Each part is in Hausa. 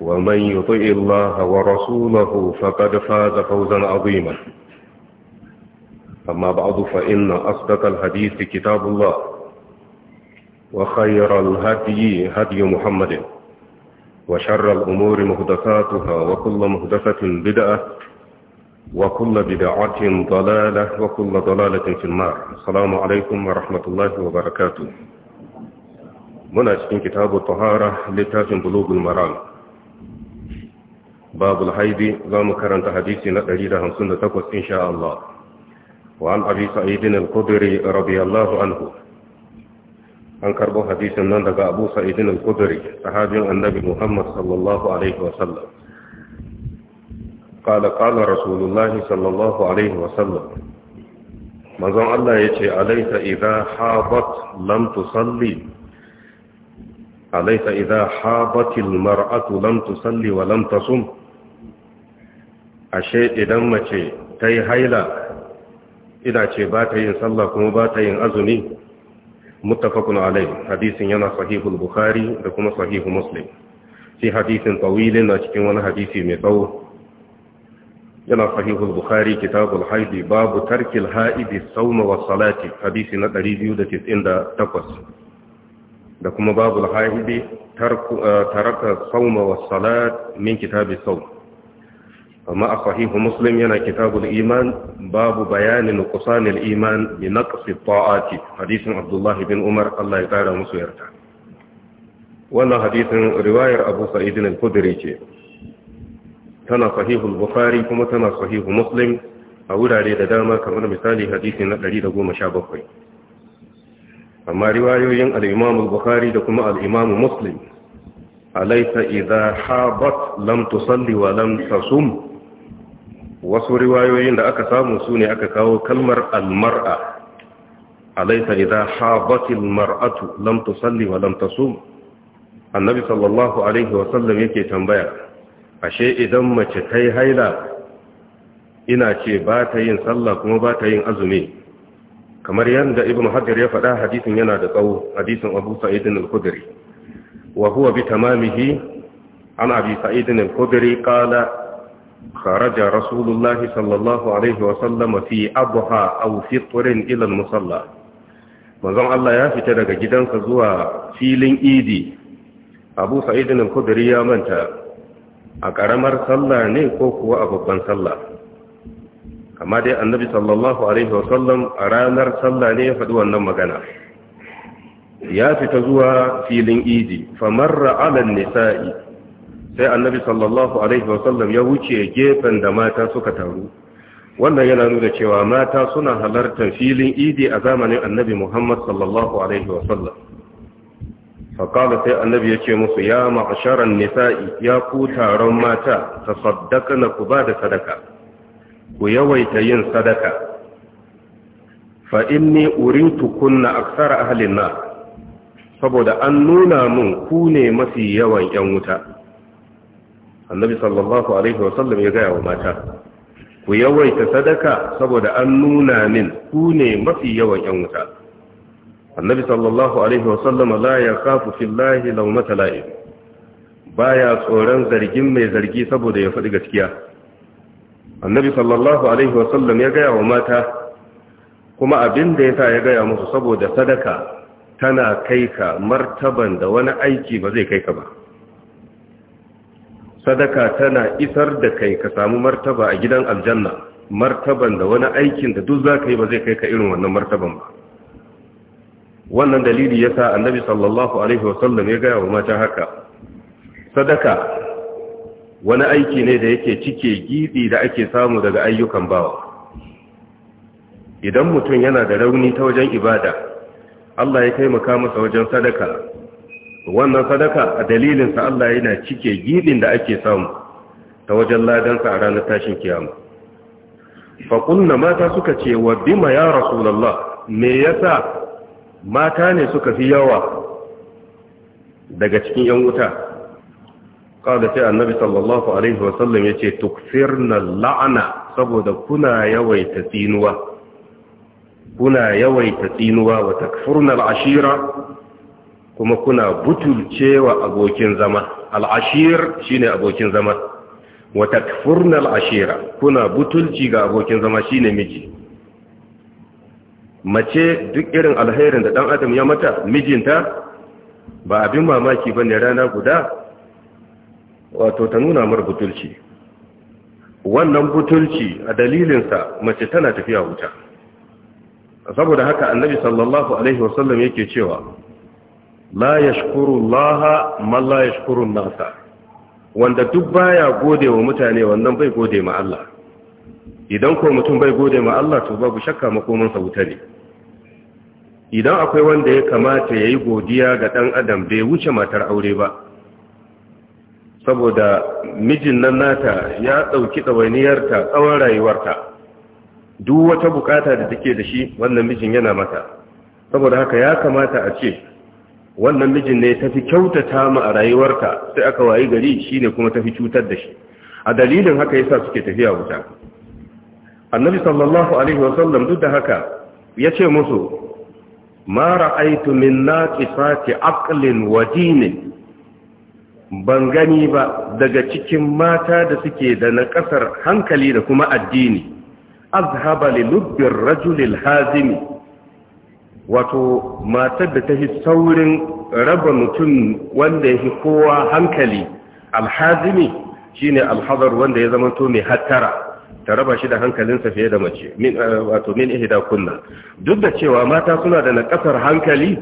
ومن يطع الله ورسوله فقد فاز فوزا عظيما أما بعد فإن أصدق الحديث كتاب الله وخير الهدي هدي محمد وشر الأمور مهدفاتها وكل مهدفة بدعة وكل بدعة ضلالة وكل ضلالة في النار السلام عليكم ورحمة الله وبركاته مناسبين كتاب الطهارة لتاج بلوغ المرام باب الحيض زم كرنت حديث نقليل همسنة تقص إن شاء الله وعن أبي سعيد القدري رضي الله عنه أن كربو حديث نندق أبو سعيد القدري صحاب النبي محمد صلى الله عليه وسلم قال قال رسول الله صلى الله عليه وسلم مزان الله يجي عليك إذا حابت لم تصلي عليك إذا حابت المرأة لم تصلي ولم تصم ashe idan mace ta yi haila ina ce ba ta yin sallah kuma ba ta yin azumi muttafaqun alai hadisin yana sahihul bukhari da kuma sahihu muslim sai hadisin tawilin na cikin wani hadisi mai tsawo yana sahihul bukhari kitabul haidi babu tarkil haidi sauma was salati hadisi na 298 da kuma babul haidi tarku eh, taraka sawma was salat min kitabis sawm amma a sahihu muslim yana kitabul iman babu bayanin nuqsanil iman bi naqsi ta'ati hadisin abdullah bin umar Allah ya tsara musu yarda wannan hadisin riwayar abu sa'id al-khudri ce tana sahihul bukhari kuma tana sahihu muslim a wurare da dama kamar misali hadisi na 117 amma riwayoyin al-Imam al-Bukhari da kuma al-Imam Muslim alaysa idha habat lam tusalli wa lam tasum wasu riwayoyin da aka samu su ne aka kawo kalmar almar'a alaita idan habatil mar'atu lam tusalli wa lam tasum annabi sallallahu alaihi wa sallam yake tambaya ashe idan mace ta yi haila ina ce ba ta yin sallah kuma ba ta yin azumi kamar yadda ibn hajar ya faɗa hadisin yana da tsawo hadisin abu sa'idin al-khudri wa huwa bi tamamihi an abi sa'idin al-khudri qala kharaja rasulullah sallallahu alaihi wasallam fi abha aw fitrin ila musalla manzon Allah ya fita daga gidansa zuwa filin idi abu sa'id al-khudri ya manta a karamar sallah ne ko kuwa a babban sallah Kama dai annabi sallallahu alaihi wasallam a ranar sallah ne ya faɗi wannan magana ya fita zuwa filin idi famarra ala nisa'i sai annabi sallallahu alaihi wasallam ya wuce gefen da mata suka taru wannan yana nuna cewa mata suna halartar filin idi a zamanin annabi muhammad sallallahu alaihi wasallam faƙala sai annabi ya ce musu ya ma'asharan nisa'i ya ku taron mata ta saddaka na ku ba da sadaka ku yawaita yin sadaka fa inni uritu kunna aksara halin na saboda an nuna mun ku ne mafi yawan 'yan wuta annabi sallallahu alaihi wasallam ya gaya wa mata ku yawaita sadaka saboda an nuna min ku ne mafi yawan yan wuta annabi sallallahu alaihi wasallam la yakhafu fillahi lawmata la'im baya tsoron zargin mai zargi saboda ya faɗi gaskiya annabi sallallahu alaihi wasallam ya gaya wa mata kuma abin da sa ya gaya musu saboda sadaka tana kai ka martaban da wani aiki ba zai kai ka ba sadaka tana isar da kai ka samu martaba a gidan aljanna martaban da wani aikin da duk zaka yi ba zai kai ka irin wannan martaban ba wannan dalili yasa annabi sallallahu alaihi wasallam ya gaya wa mata haka sadaka wani aiki ne da yake cike gibi da ake samu daga ayyukan bawa idan mutum yana da rauni ta wajen ibada Allah ya maka masa wajen sadaka wannan sadaka a dalilinsa Allah yana cike gibin da ake samu ta wajen ladansa a ranar tashin kiyama faƙunna mata suka ce wa bima ya rasulallah me yasa mata ne suka fi yawa daga cikin yan wuta ƙada sai annabi sallallahu alaihi wasallam ya ce tukfirna la'ana saboda kuna yawaita tsinuwa kuna yawaita tsinuwa wa takfurna al'ashira kuma kuna butulcewa abokin zama al'ashir shine abokin zama wa takfurna al'ashira kuna butulci ga abokin zama shine miji mace duk irin alherin da ɗan adam ya mata mijinta ba abin mamaki ne, rana guda wato ta nuna mar butulci wannan butulci a dalilinsa mace tana tafiya wuta saboda haka annabi sallallahu alaihi wasallam yake cewa la yashkuru Laha man la yashkuru nasa wanda duk baya gode wa mutane wannan bai gode ma Allah idan ko mutum bai gode ma Allah to babu shakka makoman sa wuta ne idan akwai wanda ya kamata yayi godiya ga dan adam bai wuce matar aure ba saboda mijin nan nata ya dauki dawainiyarta tsawon rayuwarta duk wata bukata da take da shi wannan mijin yana mata saboda haka ya kamata a ce wannan mijin ne tafi kyautata ma a rayuwarka sai aka wayi gari shine kuma tafi cutar da shi a dalilin haka yasa suke tafiya wuta annabi sallallahu alaihi wasallam duk da haka yace musu ma ra'aytu min naqisati aqlin wa dinin ban gani ba daga cikin mata da suke da naƙasar hankali da kuma addini azhaba li lubbir rajulil hazimi wato matar da ta fi saurin raba mutum wanda ya fi kowa hankali alhazimi shine alhazar wanda ya zama to mai hattara ta raba shi da hankalinsa fiye da mace eh, wato min ihda kunna duk da cewa mata suna da nakasar hankali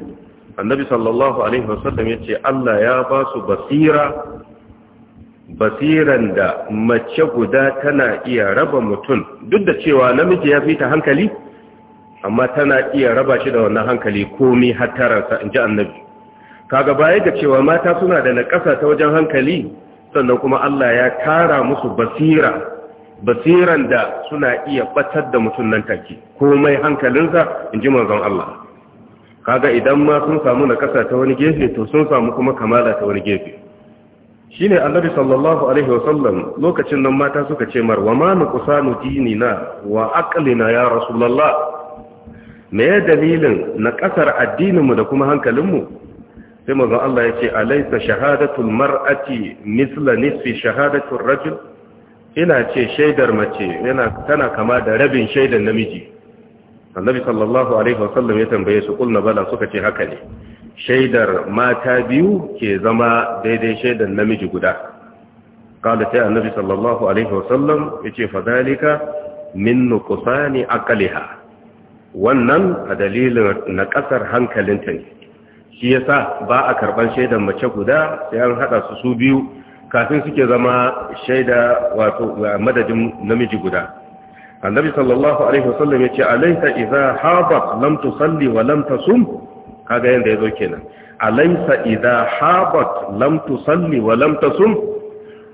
annabi sallallahu alaihi wasallam yace Allah ya ba su basira basiran da mace guda tana iya raba mutum duk da cewa namiji ya fita hankali amma tana iya raba shi da wannan hankali komi hattararsa in ji annabi kaga baya da cewa mata suna da naƙasa ta wajen hankali sannan kuma Allah ya tara musu basira basiran da suna iya batar da mutum nan take komai hankalinsa in ji manzon Allah kaga idan ma sun samu naƙasa ta wani gefe to sun samu kuma kamala ta wani gefe shine annabi sallallahu alaihi wasallam lokacin nan mata suka ce mar wa ma nuqsanu dinina wa aqlina ya rasulullah me ya dalilin na ƙasar addininmu da kuma hankalinmu sai mazan Allah ya ce alaisa shahadatul maraci nisla, nisfi shahadatul rajul ina ce shaidar mace yana tana kama da rabin shaidar namiji annabi sallallahu alaihi wasallam ya tambaye su kulna bala suka ce haka ne shaidar mata biyu ke zama daidai shaidar namiji guda qala ta annabi sallallahu alaihi wasallam yace fadalika min nuqsani aqliha wannan a dalilin na ƙasar hankalinta ne shi ya sa ba a karɓar shaidan mace guda sai an haɗa su su biyu kafin suke zama shaida wato madadin namiji guda annabi sallallahu alaihi wasallam yace alaysa idha habat lam tusalli wa lam tasum kaga yanda yazo kenan alaysa idha habat lam tusalli wa lam tasum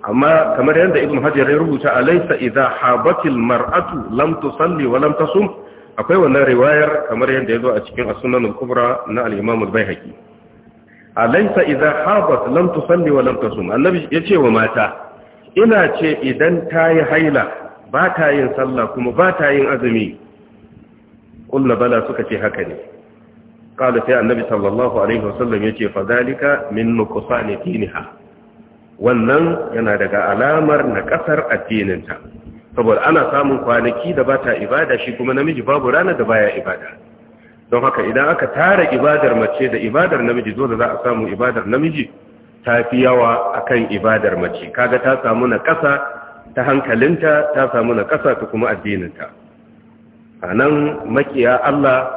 amma kamar yanda ibn hajar ya rubuta alaysa idha habatil mar'atu lam tusalli wa lam tasum akwai wannan riwayar kamar yadda ya zo a cikin asunan al-kubra na al-imam al A alaysa idza Habas lam tusalli wa lam tasum annabi ce wa mata ina ce idan ta yi haila ba ta yin sallah kuma ba ta yin azumi kullu bala suka ce haka ne qala sai annabi sallallahu alaihi wasallam yace fa zalika min nuqsani wannan yana daga alamar na ƙasar addininta saboda ana samun kwanaki da ba ta ibada shi kuma namiji babu rana da baya ibada don haka idan aka tara ibadar mace da ibadar namiji dole za a samu ibadar namiji ta fi yawa akan ibadar mace kaga ta samu na ƙasa ta hankalinta ta samu na ƙasa ta kuma addininta a nan makiya Allah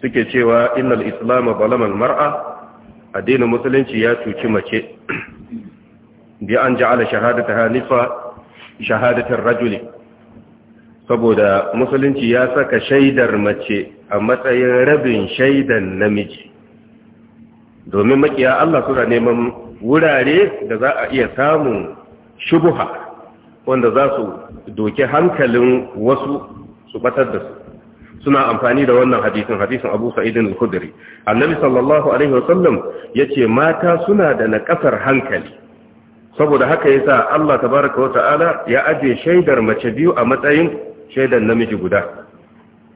suke cewa innal islam balaman mar'a addinin musulunci ya cuci mace bi an ja'ala shahadata hanifa shahadatar rajuli saboda musulunci ya saka shaidar mace a matsayin rabin shaidan namiji domin makiya Allah suna neman wurare da za a iya samun shubuha wanda za su doke hankalin wasu su batar da su suna amfani da wannan hadisin hadisin Abu Sa'id al-Khudri annabi sallallahu alaihi wasallam yace mata suna da naƙasar hankali saboda haka ya sa, Allah tabaraka wata'ala ya aje shaidar mace biyu a matsayin shaidar namiji guda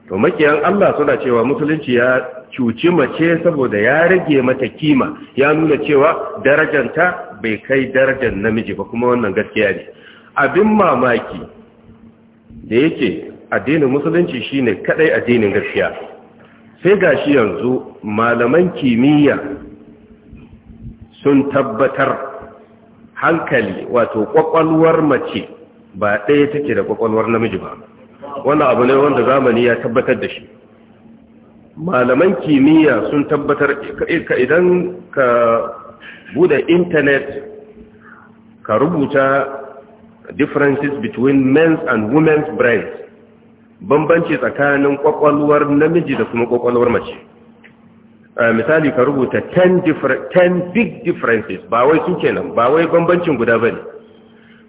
to makiyan Allah suna cewa musulunci ya cuci mace saboda ya rage mata kima ya nuna cewa darajanta bai kai darajar namiji ba kuma wannan gaskiya ne abin mamaki da yake addinin musulunci shine kadai addinin gaskiya sai gashi yanzu malaman kimiyya sun tabbatar hankali wato kwakwalwar mace ba ɗaya take da kwakwalwar namiji ba wannan abu ne wanda zamani ya tabbatar da shi malaman kimiyya sun tabbatar idan ka bude intanet ka rubuta differences between men's and women's brains bambanci tsakanin kwakwalwar namiji da kuma kwakwalwar mace Eh, misali ka rubuta 10 big differences ba wai su kenan ba wai bambancin guda bane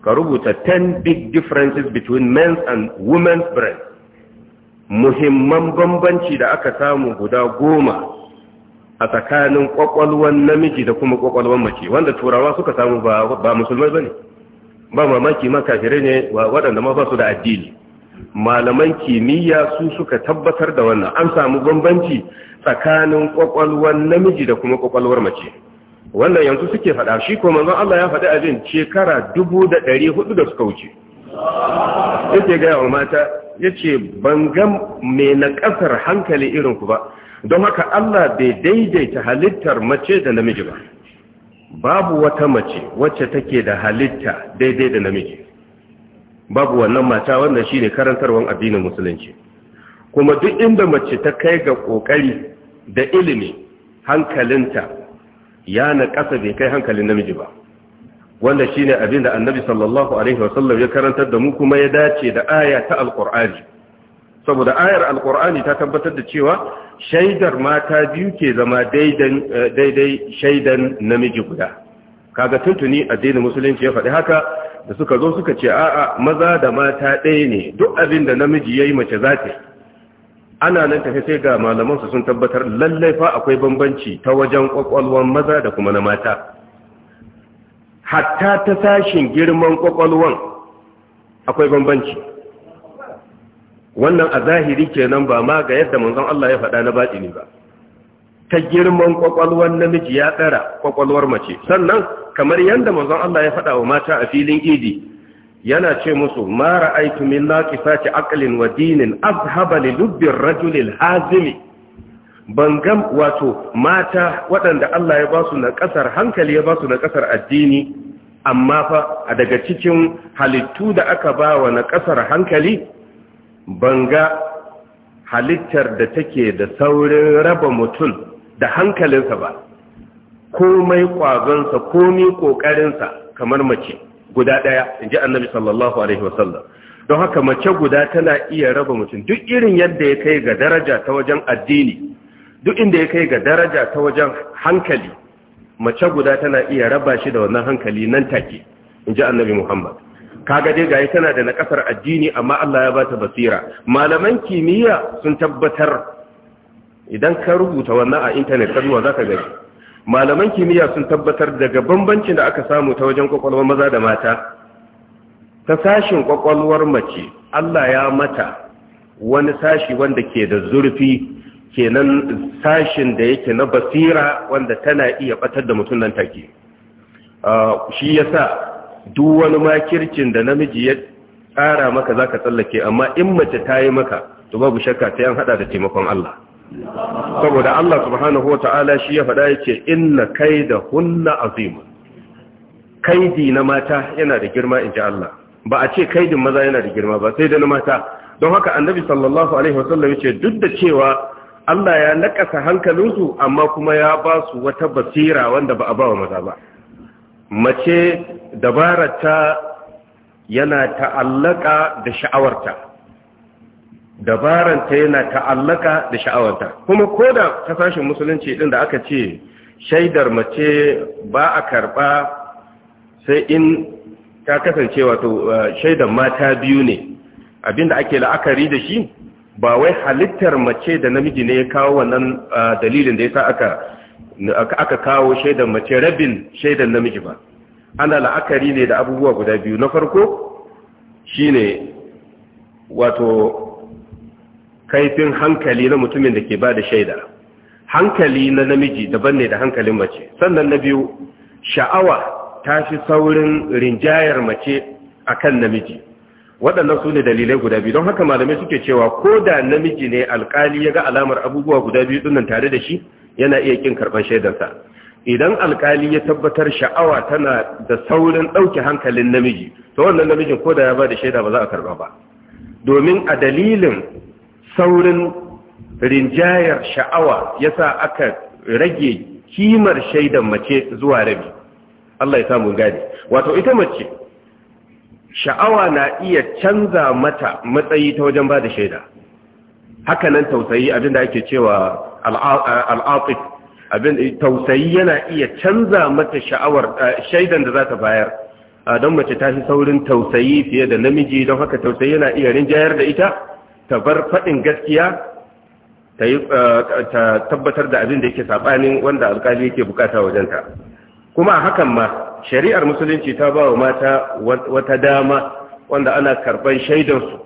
ka rubuta 10 big differences between men's and women's brain muhimman bambanci da aka samu guda goma a tsakanin kwakwalwan namiji da kuma kwakwalwan mace wanda turawa suka samu ba musulmai bane ba mamaki ma kafirai ne waɗanda ma ba su da addini malaman kimiyya su suka tabbatar da wannan an samu bambanci tsakanin kwakwalwar namiji da kuma kwakwalwar mace wannan yanzu suke faɗa shi ko manzon Allah ya faɗi abin shekara 1400 da suka wuce yake ga yawa mata yace ban ga me na kasar hankali irin ku ba don haka Allah bai daidaita halittar mace da namiji ba babu wata mace wacce take da halitta daidai da namiji babu wannan mata wanda shine karantarwar addinin musulunci kuma duk inda mace ta kai ga ƙoƙari da ilimi hankalinta ya ƙasa bai kai hankalin namiji ba wanda shine abin da annabi sallallahu alaihi wasallam ya karantar da mu kuma ya dace da aya ta alqur'ani saboda ayar alqur'ani ta tabbatar da cewa shaidar mata biyu ke zama eh, daidai shaidan namiji guda kaga tuntuni addinin musulunci ya faɗi haka da suka zo suka ce a'a maza da mata ɗaya ne duk abin da namiji ya yi mace za ta ana nan tafi sai ga malamansu sun tabbatar lallai fa akwai bambanci ta wajen kwakwalwan maza da kuma na mata hatta ta sashin girman kwakwalwan akwai bambanci wannan a zahiri kenan ba ma ga yadda manzon Allah ya faɗa na baɗi ne ba ta girman kwakwalwar namiji ya tsara kwakwalwar mace sannan kamar yadda mazan Allah ya faɗa wa mata a filin idi yana ce musu mara ra'aytu min laqisati aqlin wa dinin azhaba li Rajulil hazimi ban ga wato mata waɗanda Allah ya ba su na ƙasar hankali ya ba su na ƙasar addini amma fa a daga cikin halittu da aka ba wa na ƙasar hankali ban ga halittar da take da saurin raba mutum da hankalinsa ba komai kwazonsa komai kokarinsa kamar mace guda daya inji annabi sallallahu alaihi wasallam don haka mace guda tana iya raba mutum duk irin yadda ya kai ga daraja ta wajen addini duk inda ya kai ga daraja ta wajen hankali mace guda tana iya raba shi da wannan hankali nan take inji annabi muhammad kaga dai yi tana da nakasar addini amma Allah ya bata basira malaman kimiyya sun tabbatar idan ka rubuta wannan a intanet ka zuwa zaka gani malaman kimiyya sun tabbatar daga bambancin da aka samu ta wajen kwakwalwar maza da mata ta sashin kwakwalwar mace Allah ya mata wani sashi wanda ke da zurfi kenan sashin da yake na basira wanda tana iya batar da mutum nan take ah, shi yasa duk wani makircin da namiji ya tsara maka zaka tsallake amma in mace ta yi maka to babu shakka sai an hada da taimakon Allah saboda Allah subhanahu wa ta'ala shi ya faɗa yake inna kaida hunna azim. kaidi na mata yana da girma in ji Allah ba a ce kaidin maza yana da girma ba sai da na mata don haka annabi sallallahu alaihi wasallam yace duk da cewa Allah ya nakasa hankalinsu amma kuma ya ba su wata basira wanda ba a ba wa maza ba mace dabararta yana ta'allaka da sha'awarta ta yana ta'allaka da sha'awanta kuma ko da kasashen musulunci din da aka ce shaidar mace ba a karba sai in ta kasance wato eh, shaidar mata biyu ne abinda ake la'akari da shi ba wai halittar mace da namiji ne ya kawo wannan eh, dalilin da ya sa aka kawo shaidar mace rabin shaidar namiji ba ana la'akari ne da abubuwa guda biyu na farko shine wato kaifin hankali na mutumin da ke ba da shaida hankali na namiji daban ne da hankalin mace sannan na biyu sha'awa ta fi saurin rinjayar mace a kan namiji waɗannan su ne dalilai guda biyu don haka malamai suke cewa ko da namiji ne alkali ya ga alamar abubuwa guda biyu dinnan tare da shi yana iya kin karɓar shaidarsa idan alkali ya tabbatar sha'awa tana da saurin ɗauke hankalin namiji to wannan namijin ko da ya ba da shaida ba za a karɓa ba domin a dalilin saurin rinjayar sha'awa yasa aka rage kimar shaidan mace zuwa rabi Allah ya samu gadi wato ita mace sha'awa na iya canza mata matsayi ta wajen ba da shaida haka nan tausayi abinda ake cewa al'atif tausayi yana iya canza mata sha'awar eh, shaidan da za ta bayar ah, don mace ta fi saurin tausayi fiye da namiji don haka tausayi yana iya rinjayar da ita ta bar faɗin gaskiya eh, ta tabbatar da abin da yake saɓanin wanda alƙali yake bukata wajenta kuma a hakan ma shari'ar musulunci ta ba wa mata wata dama wanda ana karɓar shaidansu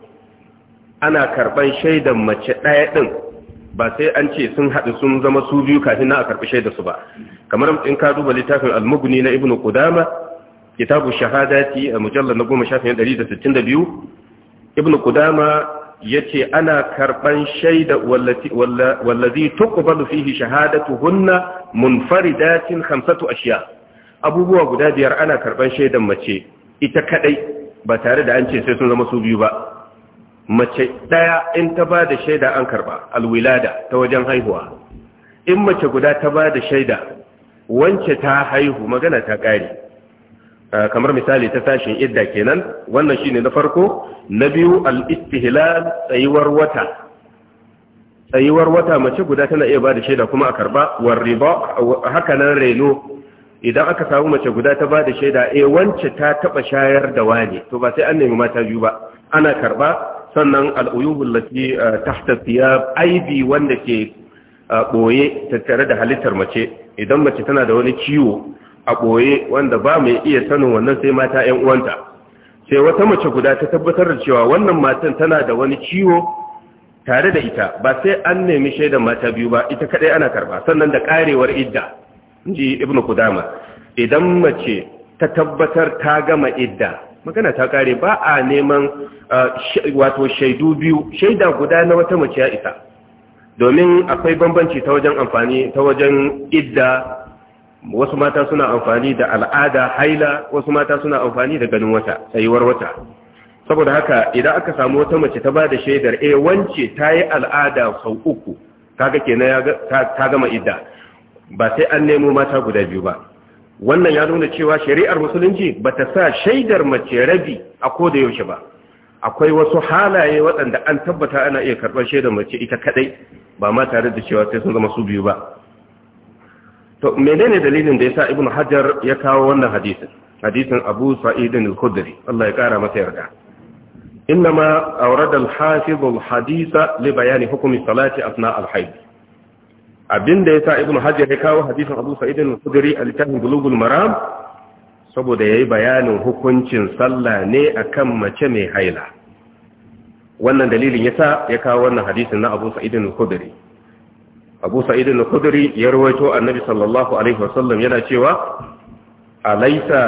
ana karɓar shaidan mace ɗaya ɗin ba sai an ce sun haɗu sun zama su biyu kafin na a karɓi shaidansu ba kamar in ka duba littafin almuguni na ibnu qudama kitabu shahadati a mujallar na goma shafin 162 ibnu kudama. yace ana karban shaida wallazi tuqbalu fihi shahadatuhunna munfaridatin khamsatu ashiya abubuwa guda biyar ana karban shaidan mace ita kadai ba tare da an ce sai sun zama su biyu ba mace daya in ta ba da shaida an karba alwilada ta wajen haihuwa in mace guda ta ba da shaida wance ta haihu magana ta kare Eh, kamar misali ta sashen idda kenan wannan shine na farko na biyu al-istihlal tsayuwar wata tsayuwar wata mace guda tana iya bada shaida kuma a karba war riba haka nan reno idan aka samu mace guda ta bada shaida eh wance ta taba shayar da wani to ba sai an nemi mata biyu ba ana karba sannan al-uyubul lati eh, tahta thiyab aibi wanda ke boye eh, tattare da halittar mace idan mace tana da wani ciwo a ɓoye wanda ba mai iya sanin wannan sai mata 'yan uwanta sai wata mace guda ta tabbatar da cewa wannan matan tana da wani ciwo tare da ita ba sai an nemi shaidan mata biyu ba ita kadai ana karba sannan da karewar idda inji ibn kudama idan mace ta tabbatar ta gama idda magana ta kare ba a neman wato shaidu biyu shaida guda na wata mace ya isa domin akwai bambanci ta wajen amfani ta wajen idda wasu mata suna amfani da al'ada haila wasu mata suna amfani da ganin wata tsayuwar wata saboda haka idan aka samu wata mace ta ba da shaidar eh wance ta yi al'ada sau uku kaga kenan ta gama idda ba sai an nemo mata guda biyu ba wannan ya nuna cewa shari'ar musulunci ba ta sa shaidar mace rabi a ko da yaushe ba akwai wasu halaye waɗanda an tabbata ana iya karɓar shaidar mace ita kaɗai ba ma tare da cewa sai sun zama su biyu ba to menene dalilin da yasa ibnu hajar ya kawo wannan hadisin hadisin abu sa'id al-khudri Allah ya kara masa yarda إنما أورد الحافظ الحديث لبيان حكم الصلاة أثناء الحيض abin da ya sa ibn hajar ya kawo hadisin abu sa'idin al-khudri a littafin bulugul maram saboda yayi bayanin hukuncin sallah ne akan mace mai haila wannan dalilin yasa ya kawo wannan hadisin na abu sa'idin al-khudri abu sa'id al-khudri ya rawaito annabi sallallahu alaihi wasallam yana cewa laisa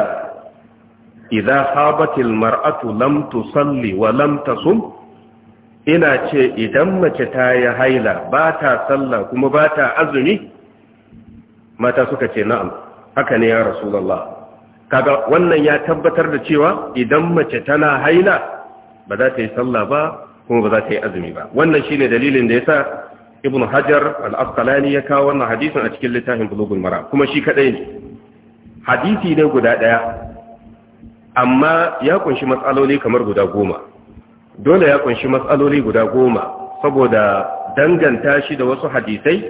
idan habatil mar'atu lam tusalli wa lam tasum ina ce idan mace ta yi haila ba ta sallah kuma ba ta azumi mata suka ce na'am haka ne ya rasulullah kaga wannan ya tabbatar da cewa idan mace tana haila ba za ta yi sallah ba kuma ba za ta yi azumi ba wannan shine dalilin da yasa ibn hajar al-asqalani ya kawo wannan hadisin a cikin littafin bulugul mara kuma shi kadai ne hadisi ne guda daya amma ya kunshi matsaloli kamar guda goma dole ya kunshi matsaloli guda goma saboda danganta shi da wasu hadisai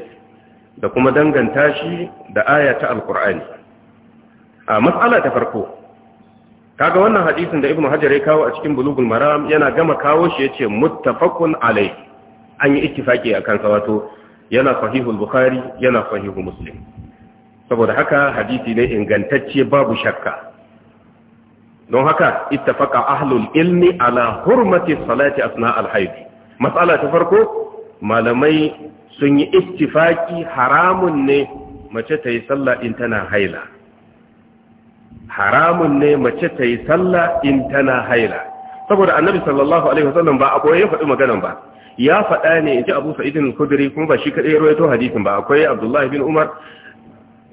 da kuma danganta shi da aya ta alkur'ani a matsala ta farko kaga wannan hadisin da ibnu hajar ya kawo a cikin bulugul mara yana gama kawo shi yace muttafaqun alayhi an yi ittifaki a kansa wato yana sahihul bukhari yana sahihu muslim saboda haka hadisi ne ingantacce babu shakka don haka ittafaqa ahlul ilmi ala hurmati salati asna al-hayd matsala ta farko malamai sun yi ittifaki haramun ne mace ta yi sallah in tana haila haramun ne mace ta yi sallah in tana haila saboda annabi sallallahu alaihi wasallam ba a boye faɗi maganan ba ya faɗa ne in ji abu sa'idin kudiri kuma ba shi kaɗai rawaito hadisin ba akwai abdullahi bin umar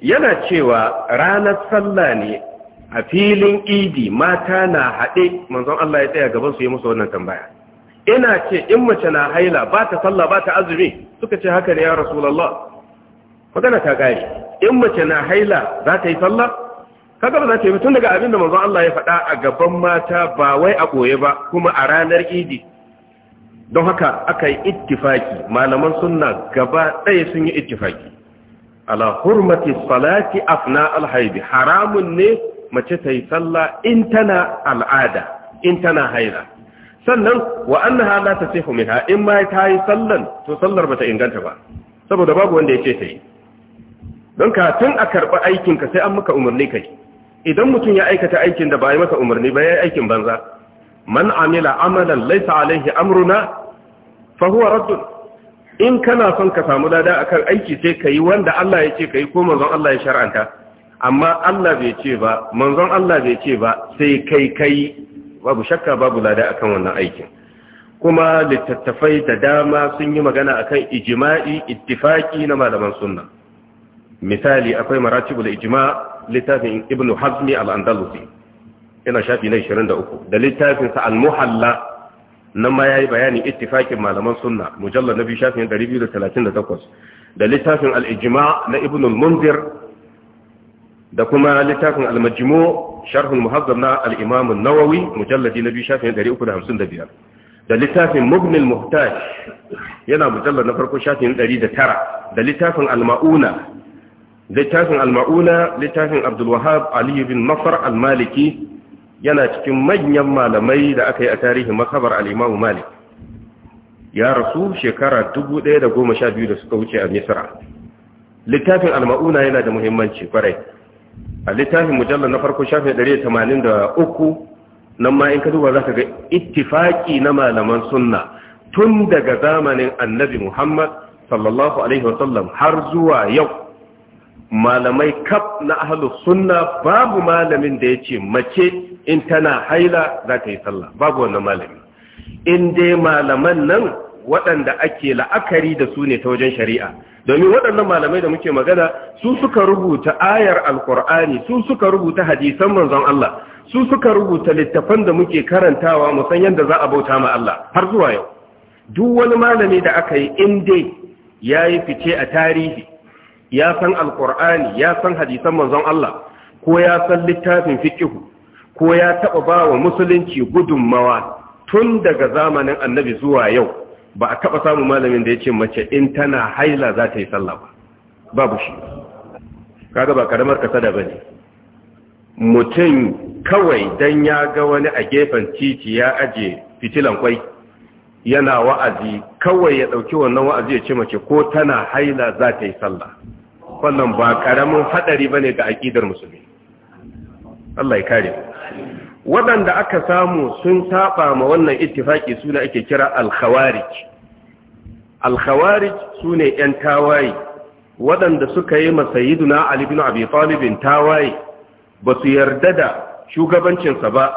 yana cewa ranar sallah ne a filin idi mata na haɗe manzon Allah ya tsaya gaban su yi musu wannan tambaya ina ce in mace na haila ba ta sallah ba ta azumi suka ce haka ne ya rasulullah magana ta gari in mace na haila za ta yi sallah kaga ba za ta yi tun daga abin da manzon Allah ya faɗa a gaban mata ba wai a ɓoye ba kuma a ranar idi don haka aka yi ittifaki malaman sunna gaba ɗaya sun yi ittifaki ala hurmati salati afna alhaidi haramun ne mace ta yi sallah in tana al'ada in tana haila sannan wa annaha la tasihu minha in ma ta yi sallan to sallar bata inganta ba saboda babu wanda ya ce ta yi don ka tun a karɓi aikinka sai an maka umarni kai idan mutum ya aikata aikin da ba yi masa umarni ba ya yi aikin banza man amila amalan Laisa, alaihi amruna fa huwa raddun in kana son ka samu lada akan aiki sai kayi wanda Allah ya ce kayi ko manzon Allah ya shar'anta amma Allah bai ce ba manzon Allah bai ce ba sai kai kai babu shakka babu lada akan wannan aikin kuma littattafai da dama sun yi magana akan ijma'i ittifaki na malaman sunna misali akwai maratibul ijma' littafin ibnu hazmi al-andalusi yana shafi na 23 da littafin sa al-muhalla nan ma yayi bayani ittifakin malaman sunna mujallad nabi shafin 238 da littafin al-ijma na ibn al-munzir da kuma littafin al-majmu sharh al-muhazzab na al-imam an-nawawi mujalladi nabi shafin 355 da littafin mubnil muhtaj yana mujallar na farko shafin 109 da littafin al-mauna littafin al-mauna littafin abdul wahab ali bin nasr al-maliki yana cikin manyan malamai da aka yi a tarihin makabar al'imamu malik ya rasu shekara 1012 da suka wuce a misra littafin alma'una yana da muhimmanci kwarai a littafin mujallar na farko shafi 183 nan ma in ka duba za ka ga ittifaki na malaman sunna tun daga zamanin annabi muhammad sallallahu alaihi wasallam har zuwa yau malamai kaf na ahlus sunna babu malamin da yace mace in tana haila za ta yi sallah babu wannan malami in dai malaman nan waɗanda ake la'akari da su ne ta wajen shari'a domin waɗannan malamai da muke magana su suka rubuta ayar alkur'ani su suka rubuta hadisan manzon Allah su suka rubuta littafan da muke karantawa musan yadda za a bauta ma Allah har zuwa yau duk wani malami da aka yi in dai yayi fice a tarihi ya san alqur'ani ya san hadisan manzon Allah ko ya san littafin fiqh ko ya taba bawa musulunci gudunmawa tun daga zamanin annabi zuwa yau ba a taba samu malamin da yake mace in tana haila za ta yi sallah ba babu shi kaga ba karamar kasada bane mutum kawai dan ya ga wani a gefen titi ya aje fitilan kwai yana wa'azi kawai ya dauki wannan wa'azi ya ce mace ko tana haila za ta yi sallah wannan ba karamin hadari ne ga aqidar musulmi Allah ya kare waɗanda aka samu sun saba ma wannan ittifaki suna ake kira al-khawarij al-khawarij sune yan tawaye waɗanda suka yi ma sayyiduna ali ibn abi talib tawaye ba su yarda da shugabancinsa ba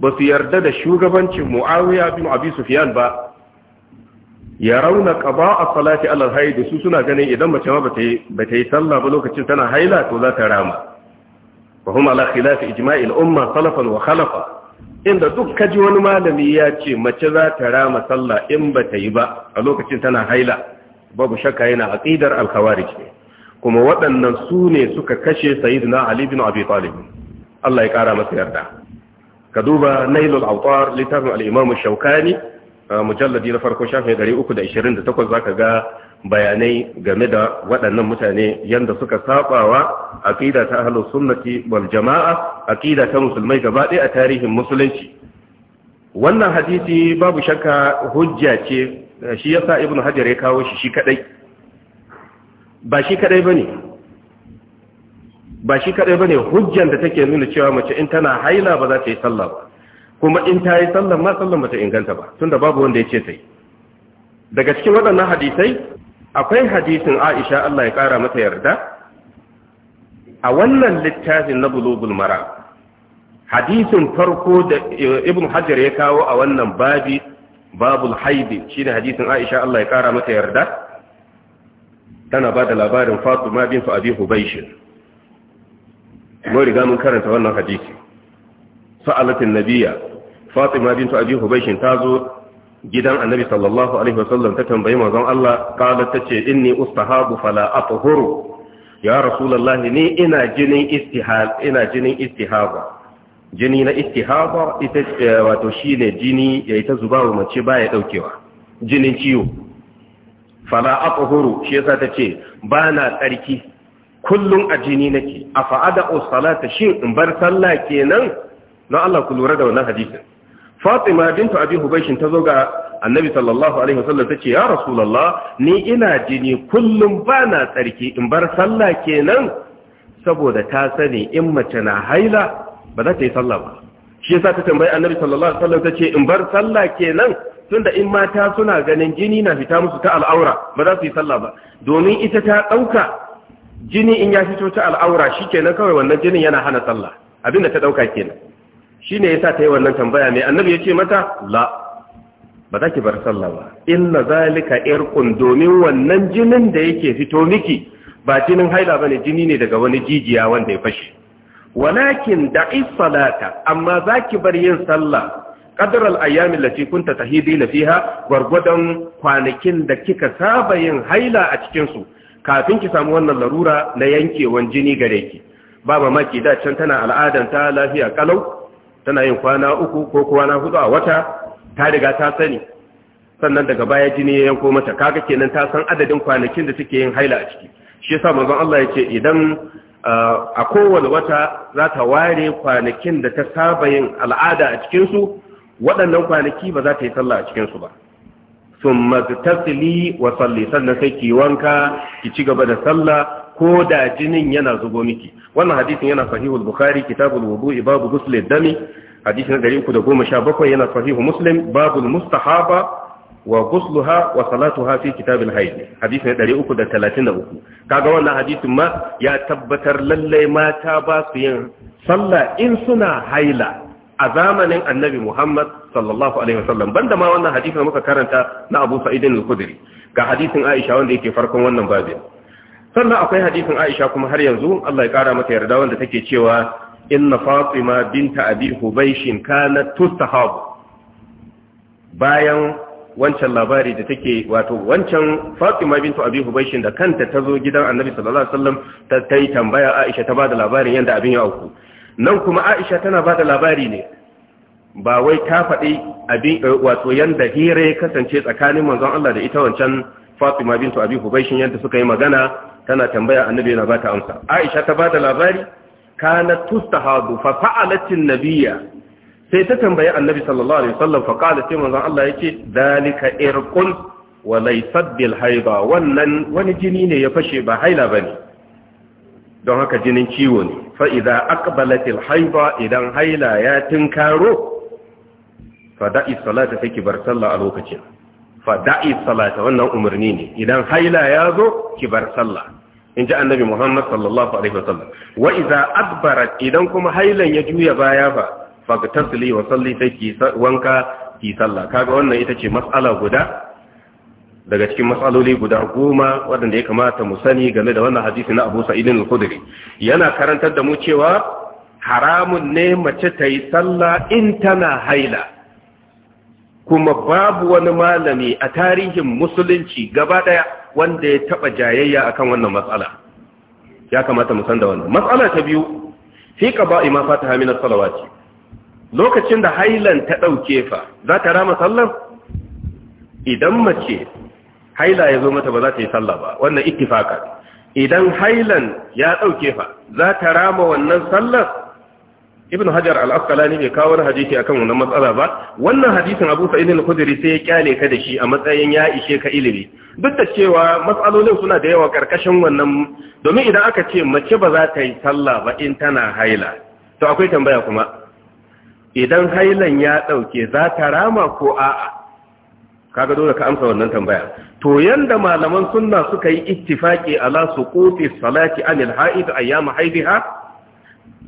ba su yarda da shugabancin muawiya bin abi sufyan ba ya rauna ƙaba a salati alal haidu su suna ganin idan mace ma ba ta yi sallah ba lokacin tana haila to za ta rama ba kuma ala khilafi ijma'il umma salafan wa khalafa inda duk kaji wani malami ya ce mace za ta rama sallah in ba ta yi ba a lokacin tana haila babu shakka yana aqidar al-khawarij ne kuma waɗannan su ne suka kashe sayyidina ali bin abi talib Allah ya kara masa yarda ka duba nailul awtar littafin al-imam shaukani mujalladi na farko shafin 328 zaka ga bayanai game da waɗannan mutane yanda suka sabawa aqida ta ahlus sunnati wal jamaa aqida ta musulmai gaba a tarihin musulunci wannan hadisi babu shakka hujja ce shi yasa ibnu hajar ya kawo shi shi kadai ba shi kadai bane ba shi kadai bane hujjan da take nuna cewa mace in tana haila ba za ta yi sallah ba kuma in ta yi sallan ma sallan bata inganta ba tunda babu wanda ya ce sai. daga cikin waɗannan hadisai akwai hadisin aisha Allah ya ƙara mata yarda a wannan littafin na bulugul mara hadisin farko da ibn hajar ya kawo a wannan babi babul haidi shine hadisin aisha Allah ya ƙara mata yarda tana ba da labarin fatima bintu abi hubaishin mun riga mun karanta wannan hadisi sa'alatin nabiya fatima bintu abi hubaishin ta zo gidan annabi sallallahu alaihi wasallam ta tambayi manzon Allah qalat tace inni ustahabu fala athuru ya rasulullahi ni ina jinin istihal ina jinin istihaba jini na istihaba ita wato shine jini ya ita zuba wa mace baya ɗaukewa. jinin ciwo fala athuru shi yasa tace ba na tsarki kullun a jini nake afa ada salata shin in bar sallah kenan don Allah ku lura da wannan hadisin Fatima bintu Abi Hubayshin ta zo ga Annabi sallallahu alaihi wasallam tace ya Rasulullah ni ina jini kullum bana tsarki in bar sallah kenan saboda ta sani in mace na haila ba za ta yi sallah ba shi yasa ta tambayi Annabi sallallahu alaihi wasallam tace in bar sallah kenan tunda in mata suna ganin jini na fita musu ta al'aura ba za su yi sallah ba domin ita ta dauka jini in ya fito ta al'aura shikenan kawai wannan jinin yana hana sallah abinda ta dauka kenan ya sa ta yi wannan tambaya mai annabi ya ce mata la ba za ki bar sallah ba inna zalika irqun domin wannan jinin da yake fito miki ba jinin haila bane jini ne daga wani jijiya wanda ya fashe walakin da salata amma za ki bar yin sallah qadar al-ayyam allati kunta tahidina fiha gwargwadon kwanakin da kika saba yin haila a cikin su kafin ki samu wannan larura na yankewan jini gare ki ba mamaki da can tana al'adanta lafiya kalau tana yin kwana uku ko kwana hudu a wata ta riga ta sani sannan daga baya jini ya yanko mata kaga kenan ta san adadin kwanakin da suke yin haila a ciki shi yasa manzon Allah ya ce idan uh, a kowane wata za ta ware kwanakin da ta saba yin al'ada a cikin su waɗannan kwanaki ba za ta yi sallah a cikin su ba summa tasli wa salli sannan sai ki wanka ki cigaba da sallah ko da jinin yana zubo miki wannan hadisin yana sahihul bukhari kitabul wudu'i babu ghusl dami hadisi na 317 yana sahihu muslim babul mustahaba wa ghusluha wa salatuha fi kitabil hayd hadisi na 333 kaga wannan hadisin ma ya tabbatar lalle mata ba su yin sallah in suna haila a zamanin annabi Muhammad sallallahu alaihi wasallam banda ma wannan hadisin muka karanta na Abu Sa'id al-Khudri ga hadisin Aisha wanda yake farkon wannan babin sannan akwai hadisin Aisha kuma har yanzu Allah ya kara mata yarda wanda take cewa inna Fatima binta Abi Hubayshin kanat tustahabu bayan wancan labari da take wato wancan Fatima bintu Abi Hubayshin da kanta tazo gidan Annabi sallallahu alaihi wasallam ta tai tambaya Aisha ta bada labarin yanda abin ya auku nan kuma Aisha tana bada labari ne ba wai ta faɗi abin eh, wato yanda hira ya kasance tsakanin manzon Allah da ita wancan Fatima bintu Abi Hubayshin yanda suka yi magana tana tambaya annabi yana bata amsa aisha ta bada labari kana tustahadu fa fa'alatin nabiyya sai ta tambaye annabi sallallahu alaihi wasallam fa qala sai manzon Allah yake zalika irqun wa laysat bil haiba wannan wani jini ne ya fashe ba haila bane don haka jinin ciwo ne fa idza aqbalat al haiba idan haila ya tinkaro fa da'i salata take bar sallah a lokacin fada'i salata wannan umarni ne idan haila ya zo ki bar sallah in annabi muhammad sallallahu alaihi wasallam wa idza adbarat idan kuma hailan ya juya baya fa fagtasli wa salli take wanka ki sallah kaga wannan ita ce matsala guda daga cikin matsaloli guda goma waɗanda ya kamata mu sani game da wannan hadisi na Abu Sa'id al-Khudri yana karantar da mu cewa haramun ne mace ta yi sallah in tana haila kuma babu wani malami a tarihin musulunci gaba daya wanda ya taba jayayya akan wannan matsala ya kamata mu san da wannan matsala ta biyu fi qaba'i ma fataha min as-salawati lokacin da hailan ta dauke fa za ta rama sallar idan mace haila ya zo mata ba za ta yi sallah ba wannan ittifaqan idan hailan ya dauke fa za ta rama wannan sallar ibn hajar al-asqalani bai kawo wani hadisi akan wannan matsala ba wannan hadisin abu sa'id al-khudri sai ya kyale ka da shi a matsayin ya ishe ka ilimi duk da cewa matsalolin suna da yawa karkashin wannan domin idan aka ce mace ba za ta yi sallah ba in tana haila to akwai tambaya kuma idan hailan ya dauke za ta rama ko a'a kaga dole ka amsa wannan tambaya to yanda malaman sunna suka yi ittifaqi ala suquti salati anil haid ayyam haidiha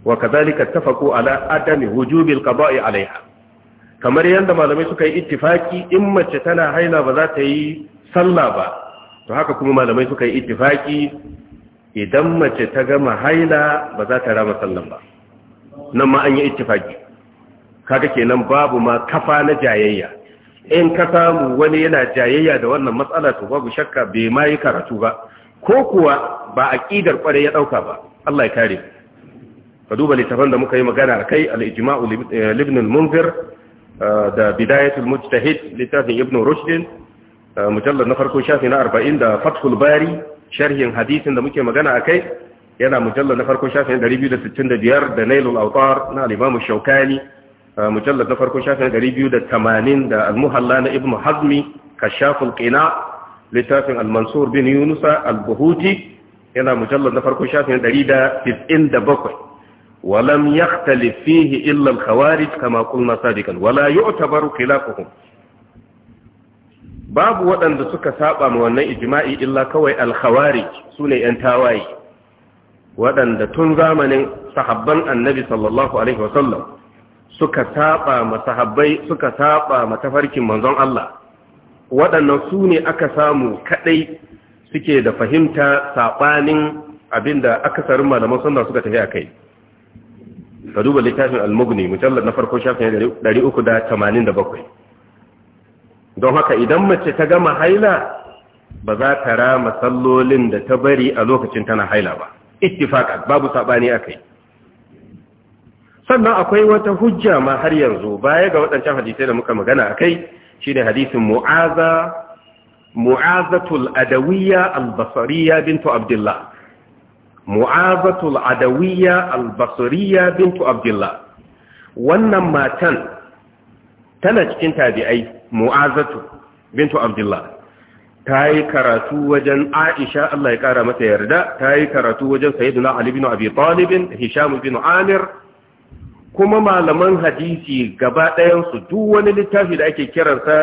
wa kazalika tafaqu ala adami wujubil qada'i alaiha kamar yanda malamai suka yi ittifaki in mace tana haila ba za ta yi sallah ba to haka kuma malamai suka yi ittifaki idan mace ta gama haila ba za ta rama sallan ba nan ma an yi ittifaki kaga kenan babu ma kafa na jayayya in ka samu wani yana jayayya da wannan matsala to babu shakka bai ma yi karatu ba ko kuwa ba aqidar kware ya dauka ba Allah ya kare فدوب لتفن ده مكيمة جانا لكي الإجماع آه، لابن المنذر ده آه، بداية المجتهد لتافي ابن رشد آه، مجلد نفر كو شافينا أربعين ده فتح الباري شرح حديث ده مكيمة جانا لكي ينا مجلد نفر كو شافينا ده ريبيو ده ستين ده ديار ده نيل الأوطار نا الإمام الشوكاني مجلد نفر كو شافينا ده ريبيو ده تمانين ده المهلان ابن حزمي كشاف القناع لتافي المنصور بن يونس البهوتي ينا مجلد نفر كو شافينا ده ريبيو ده تسئين ده بقر ولم يختلف فيه إلا الخوارج كما قلنا سابقا ولا يعتبر خلافهم babu waɗanda suka saɓa ma wannan ijma'i illa kawai alkhawarij su ne ‘yan tawaye waɗanda tun zamanin sahabban annabi sallallahu Alaihi suka saɓa ma tafarkin manzon Allah waɗannan su ne aka samu kaɗai suke da fahimta saɓanin abinda akasarin malaman sunna suka tafi a kai ka duba littafin al-mughni mujallad na farko shafin bakwai. don haka idan mace ta gama haila ba za ta rama sallolin da ta bari a lokacin tana haila ba ittifaka babu a akai sannan akwai wata hujja ma har yanzu baya ga waɗancan hadisai da muka magana akai shine hadisin mu'aza mu'azatul adawiyya al bintu abdullah mu'azatul adawiyya al-basriya bintu abdullah wannan matan tana cikin tabi'ai mu'azatu bintu abdullah ta yi karatu wajen aisha Allah ya kara mata yarda ta yi karatu wajen sayyiduna ali bin abi talib hisham bin amir kuma malaman hadisi gaba ɗayan su duk wani littafi da ake kiransa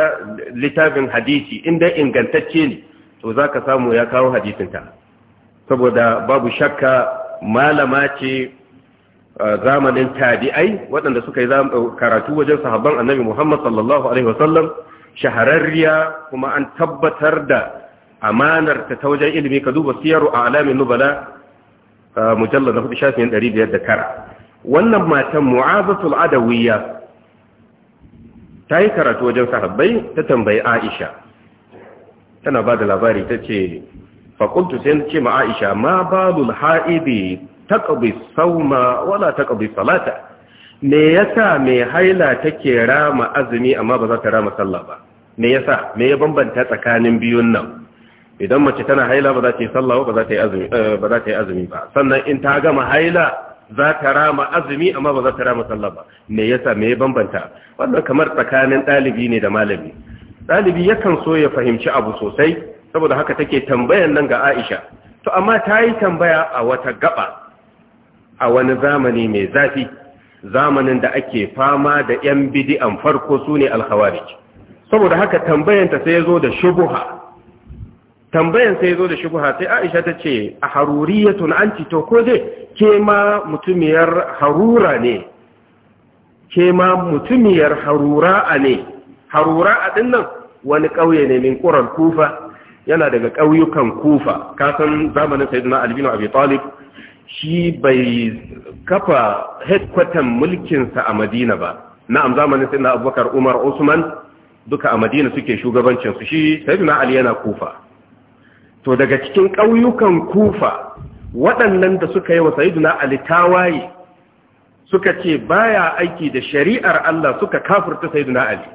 littafin hadisi inda ingantacce ne to zaka samu ya kawo hadisin ta saboda babu shakka malama ce zamanin tabi'ai waɗanda suka yi karatu wajen sahabban annabi Muhammad sallallahu alaihi wasallam shahararriya kuma an tabbatar da amanar ta ta wajen ilimi ka duba siyaru a alamin nubala mujallar na hudu shafin ɗari biyar da kara wannan matan mu'azatul adawiyya ta yi karatu wajen sahabbai ta tambayi aisha tana ba da labari ta ce fakuntu sai ce ma aisha ma balul ha'idi taqbi sauma wala taqbi salata me yasa me haila take rama azumi amma ba za ta rama sallah ba me yasa me ya bambanta tsakanin biyun nan idan mace tana haila ba za ta yi sallah ba za ta yi azumi eh, ba za ta yi azumi ba sannan in ta gama haila za ta rama azumi amma ba za ta rama sallah ba me yasa me ya bambanta wannan kamar tsakanin dalibi ne da malami dalibi yakan so ya fahimci abu sosai saboda haka take tambayan nan ga Aisha to amma ta yi tambaya a wata gaba a wani zamani mai zafi zamanin da ake fama da ƴan bid'an farko sune al-khawarij saboda haka tambayan ta sai yazo da shubuha tambayan sai yazo da shubuha sai Aisha ta ce a haruriyatun anti to ko dai ke ma mutumiyar harura ne ke ma mutumiyar harura ne harura a dinnan wani kauye ne min kuran kufa yana daga ƙauyukan kufa kasan zamanin sayyidina albino abu talib shi bai kafa headquarter mulkinsa a madina ba na'am zamanin sayyidina abubakar umar usman duka a madina suke shugabancinsu shi sayyidina ali yana kufa to daga cikin ƙauyukan kufa waɗannan da suka yi wa saiduna ali tawaye suka ce baya aiki da shari'ar Allah suka kafirta sayyidina ali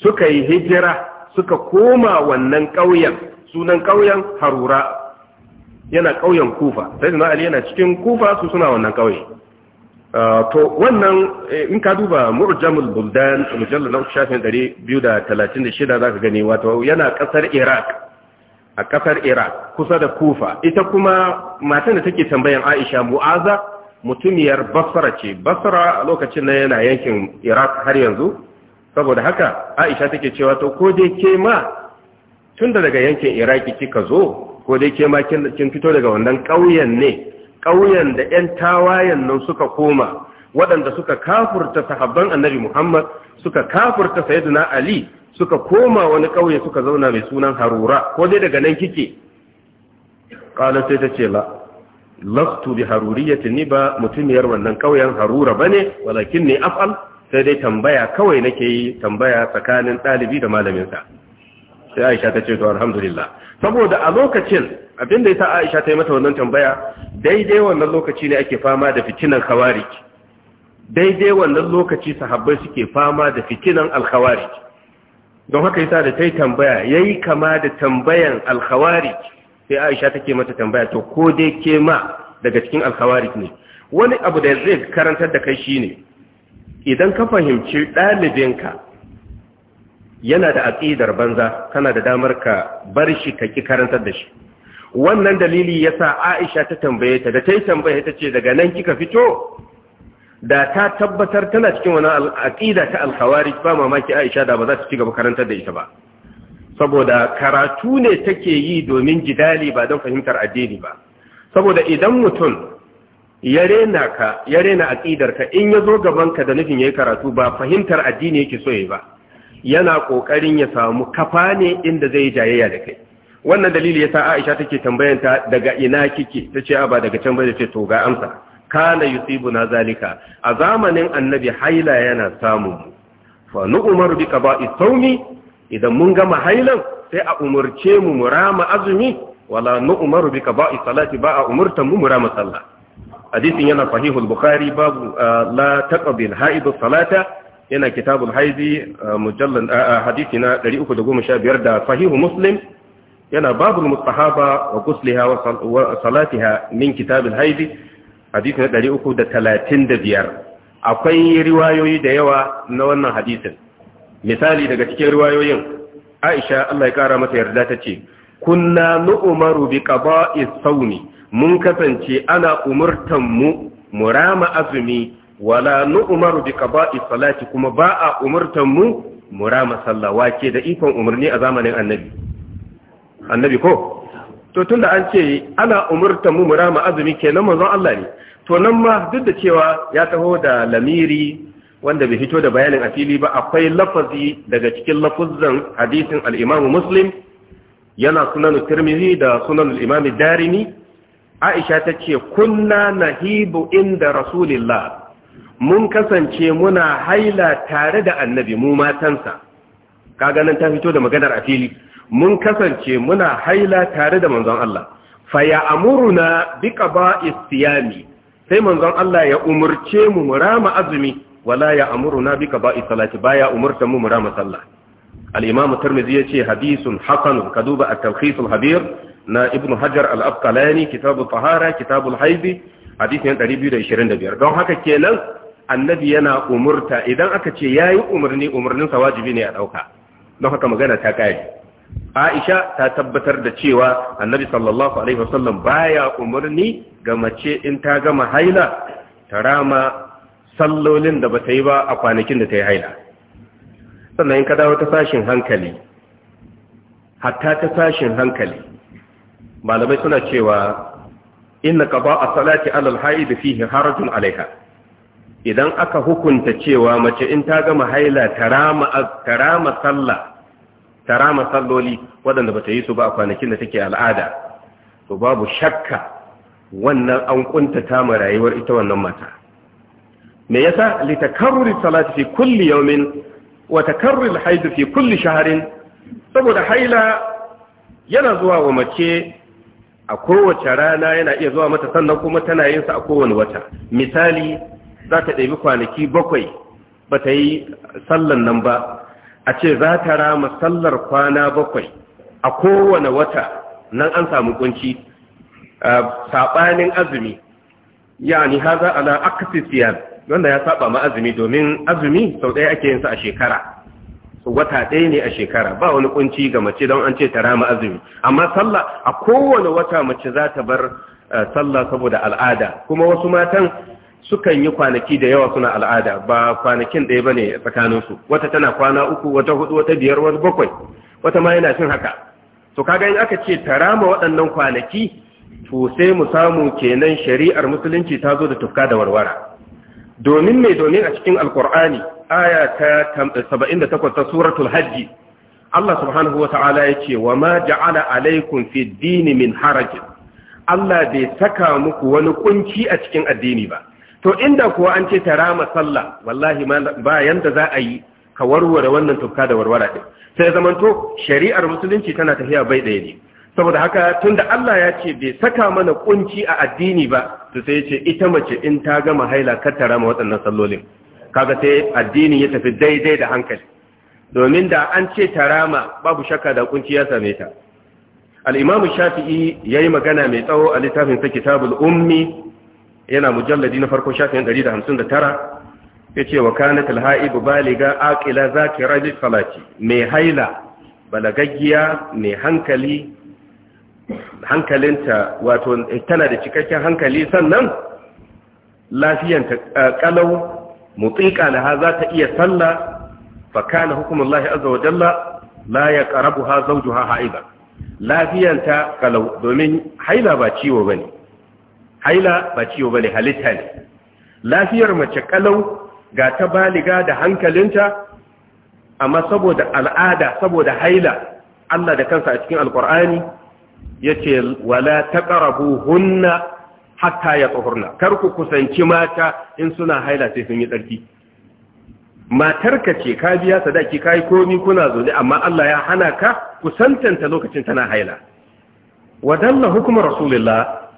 suka yi hijira suka koma wannan ƙauyen sunan ƙauyen harura yana ƙauyen kufa sai da ali yana cikin kufa su suna wannan ƙauye uh, to wannan eh, in ka duba murjamul buldan mujallal na shafin 236 ka gani wato yana ƙasar iraq a ƙasar iraq kusa da kufa ita kuma matan da take tambayan aisha mu'aza mutumiyar basra ce basara a lokacin nan yana yankin iraq har yanzu saboda haka aisha take cewa to ko dai ke ma tun da daga yankin iraki kika zo ko dai ke ma kin fito daga wannan ƙauyen ne ƙauyen da 'yan tawayen nan suka koma waɗanda suka kafurta sahabban annabi muhammad suka kafurta sayyidina ali suka koma wani ƙauye suka zauna mai sunan harura ko dai daga nan kike qala sai ta ce la lastu bi haruriyatin ni ba mutumiyar wannan ƙauyen harura bane walakin ne af'al sai dai tambaya kawai nake yi tambaya tsakanin ɗalibi da malaminsa sai aisha ta ce to alhamdulillah saboda a lokacin abinda ya sa aisha ta yi mata wannan tambaya daidai wannan lokaci ne ake fama da fitinan khawarij daidai wannan lokaci sahabbai suke fama da fitinan alkhawarij don haka yasa da ta yi tambaya yayi kama da tambayan alkhawarij sai aisha take mata tambaya to ko dai ke ma daga cikin alkhawarij ne wani abu da zai karantar da kai shine idan ka fahimci ɗalibinka yana da aƙidar banza kana da damar ka bar shi ka ki karantar da shi wannan dalili ya sa Aisha ta tambaye ta da ta yi tambaye ta ce daga nan kika fito da ta tabbatar tana cikin wani aƙida ta alkawari ba mamaki Aisha da ba za ta ci gaba karantar da ita ba saboda karatu ne take yi domin jidali ba don fahimtar addini ba saboda idan mutum ya rena ka ya rena aqidar in yazo gaban ka da nufin yayi karatu ba fahimtar addini yake so yayi ba yana kokarin ya samu kafa ne inda zai jayayya da kai wannan dalili yasa Aisha take tambayan ta daga ina kike tace a ba daga can ba tace to ga amsa kana yusibuna zalika a zamanin annabi haila yana samu mu fa umar bi qaba'i sawmi idan mun gama hailan sai a umurce mu murama azumi wala umar bi qaba'i salati ba a umurta mu murama sallah hadisin yana sahihul bukhari babu la taqbil salata yana kitabul haidi hadisi na 315 da sahihu muslim yana babu mustahaba wa ghusliha wa salatiha min kitabul haidi hadisi na 335 akwai riwayoyi da yawa na wannan hadisin misali daga cikin riwayoyin Aisha Allah ya kara mata yarda tace kunna nu'maru bi qada'i sawmi mun kasance ana umurtan mu murama azumi wala umaru bi qada'i salati kuma ba a umurtan mu murama sallah wake da ikon umarni a zamanin annabi annabi ko to tunda an ce ana umurtan mu murama azumi kenan manzon Allah ne to nan ma duk da cewa ya taho da lamiri wanda bai fito da bayanin a ba akwai lafazi daga cikin lafuzzan hadisin al-Imam Muslim yana sunan Tirmidhi da sunan al-Imam Darimi aisha ta ce kunna nahibu inda rasulillah mun kasance muna haila tare da annabi mu matansa kaga ta fito da maganar a fili mun kasance muna haila tare da manzon Allah fa ya amuruna bi qada'is siyami sai manzon Allah ya umurce mu murama azumi wala ya amuruna bi qada'is salati baya umurta mu murama sallah al-imam tirmidhi yace hadithun hasan ka duba at-talkhis al-habir na ibn hajar al-afqalani kitabu tahara kitabul haibi hadisin 225 don haka kenan annabi yana umurta idan aka ce yayi umarni umurnin sa wajibi ne a dauka don haka magana ta kai Aisha ta tabbatar da cewa annabi sallallahu alaihi wasallam baya umarni ga mace in ta gama haila ta rama sallolin da bata yi ba a kwanakin da ta yi haila sannan in ka dawo ta sashin hankali hatta ta sashin hankali malamai suna cewa inna qada a salati alal al-haid harajun 'alayha idan aka hukunta cewa mace in ta gama haila tarama tarama sallah tarama salloli ba bata yi su ba a kwanakin da take al'ada to babu shakka wannan an kuntata ma rayuwar ita wannan mata me yasa li takarruri salati fi kulli yawmin wa takarruri al fi kulli shahrin saboda haila yana zuwa wa mace a kowace rana yana iya zuwa mata sannan kuma tana yin sa a kowane wata misali za ta ɗabi kwanaki bakwai ba ta yi sallan nan ba a ce za ta rama sallar kwana bakwai a kowane wata nan an samu kunci saɓanin azumi yani haza ala akasi wanda ya saɓa ma azumi domin azumi sau ɗaya ake yin sa a shekara wata ɗaya ne a shekara ba wani kunci ga mace don an ce ta rama azumi amma sallah a kowane wata mace za ta bar eh, sallah saboda al'ada kuma wasu matan sukan yi kwanaki da yawa suna al'ada ba kwanakin ɗaya ba ne tsakaninsu wata tana kwana uku wata hudu wata biyar wata bakwai wata ma yana cin haka to kaga in aka ce ta rama waɗannan kwanaki to sai mu samu kenan shari'ar musulunci ta zo da tufka da warwara domin mai domin a cikin alkur'ani aya ta 78 ta suratul hajji Allah subhanahu wa ta'ala ya ce wa ma ja'ala alaikum fi dini min harajin Allah bai saka muku wani kunci a cikin addini ba to inda kuwa an ce tarama sallah wallahi ba yanda za a yi ka warware wannan tufka da warwara din sai zamanto shari'ar musulunci tana tafiya bai ɗaya ne saboda haka tunda Allah ya ce bai saka mana kunci a addini ba to sai ce ita mace in ta gama haila kar ta waɗannan sallolin kaga sai addini ya tafi daidai da hankali domin da an ce tarama, babu shakka da kunci ya same ta al-Imam Shafi'i yayi magana mai tsawo a littafin sa Kitabul Ummi yana mujalladi na farko shafin 159 yace wa kanat al-ha'ibu baliga aqila zakira bi salati mai haila balagaggiya mai hankali hankalinta wato tana da cikakken hankali sannan lafiyanta kalau mutsika laha za ta iya sallah fa kana hukumullahi azza wa jalla la yaqrabuha zawjuha haida lafiyanta kalau domin haila ba ciwo bane haila ba ciwo bane halitta ne lafiyar mace kalau ga ta baliga da hankalinta amma saboda al'ada saboda haila Allah da kansa a cikin alqur'ani yace wala ta hunna, hatta ya kar ku kusanci mata in suna haila sai sun yi tsarki matarka ce ka biya sadaki kai komi kuna zaune amma Allah ya hana ka kusantanta lokacin tana haila wadalla hukumar rasulullah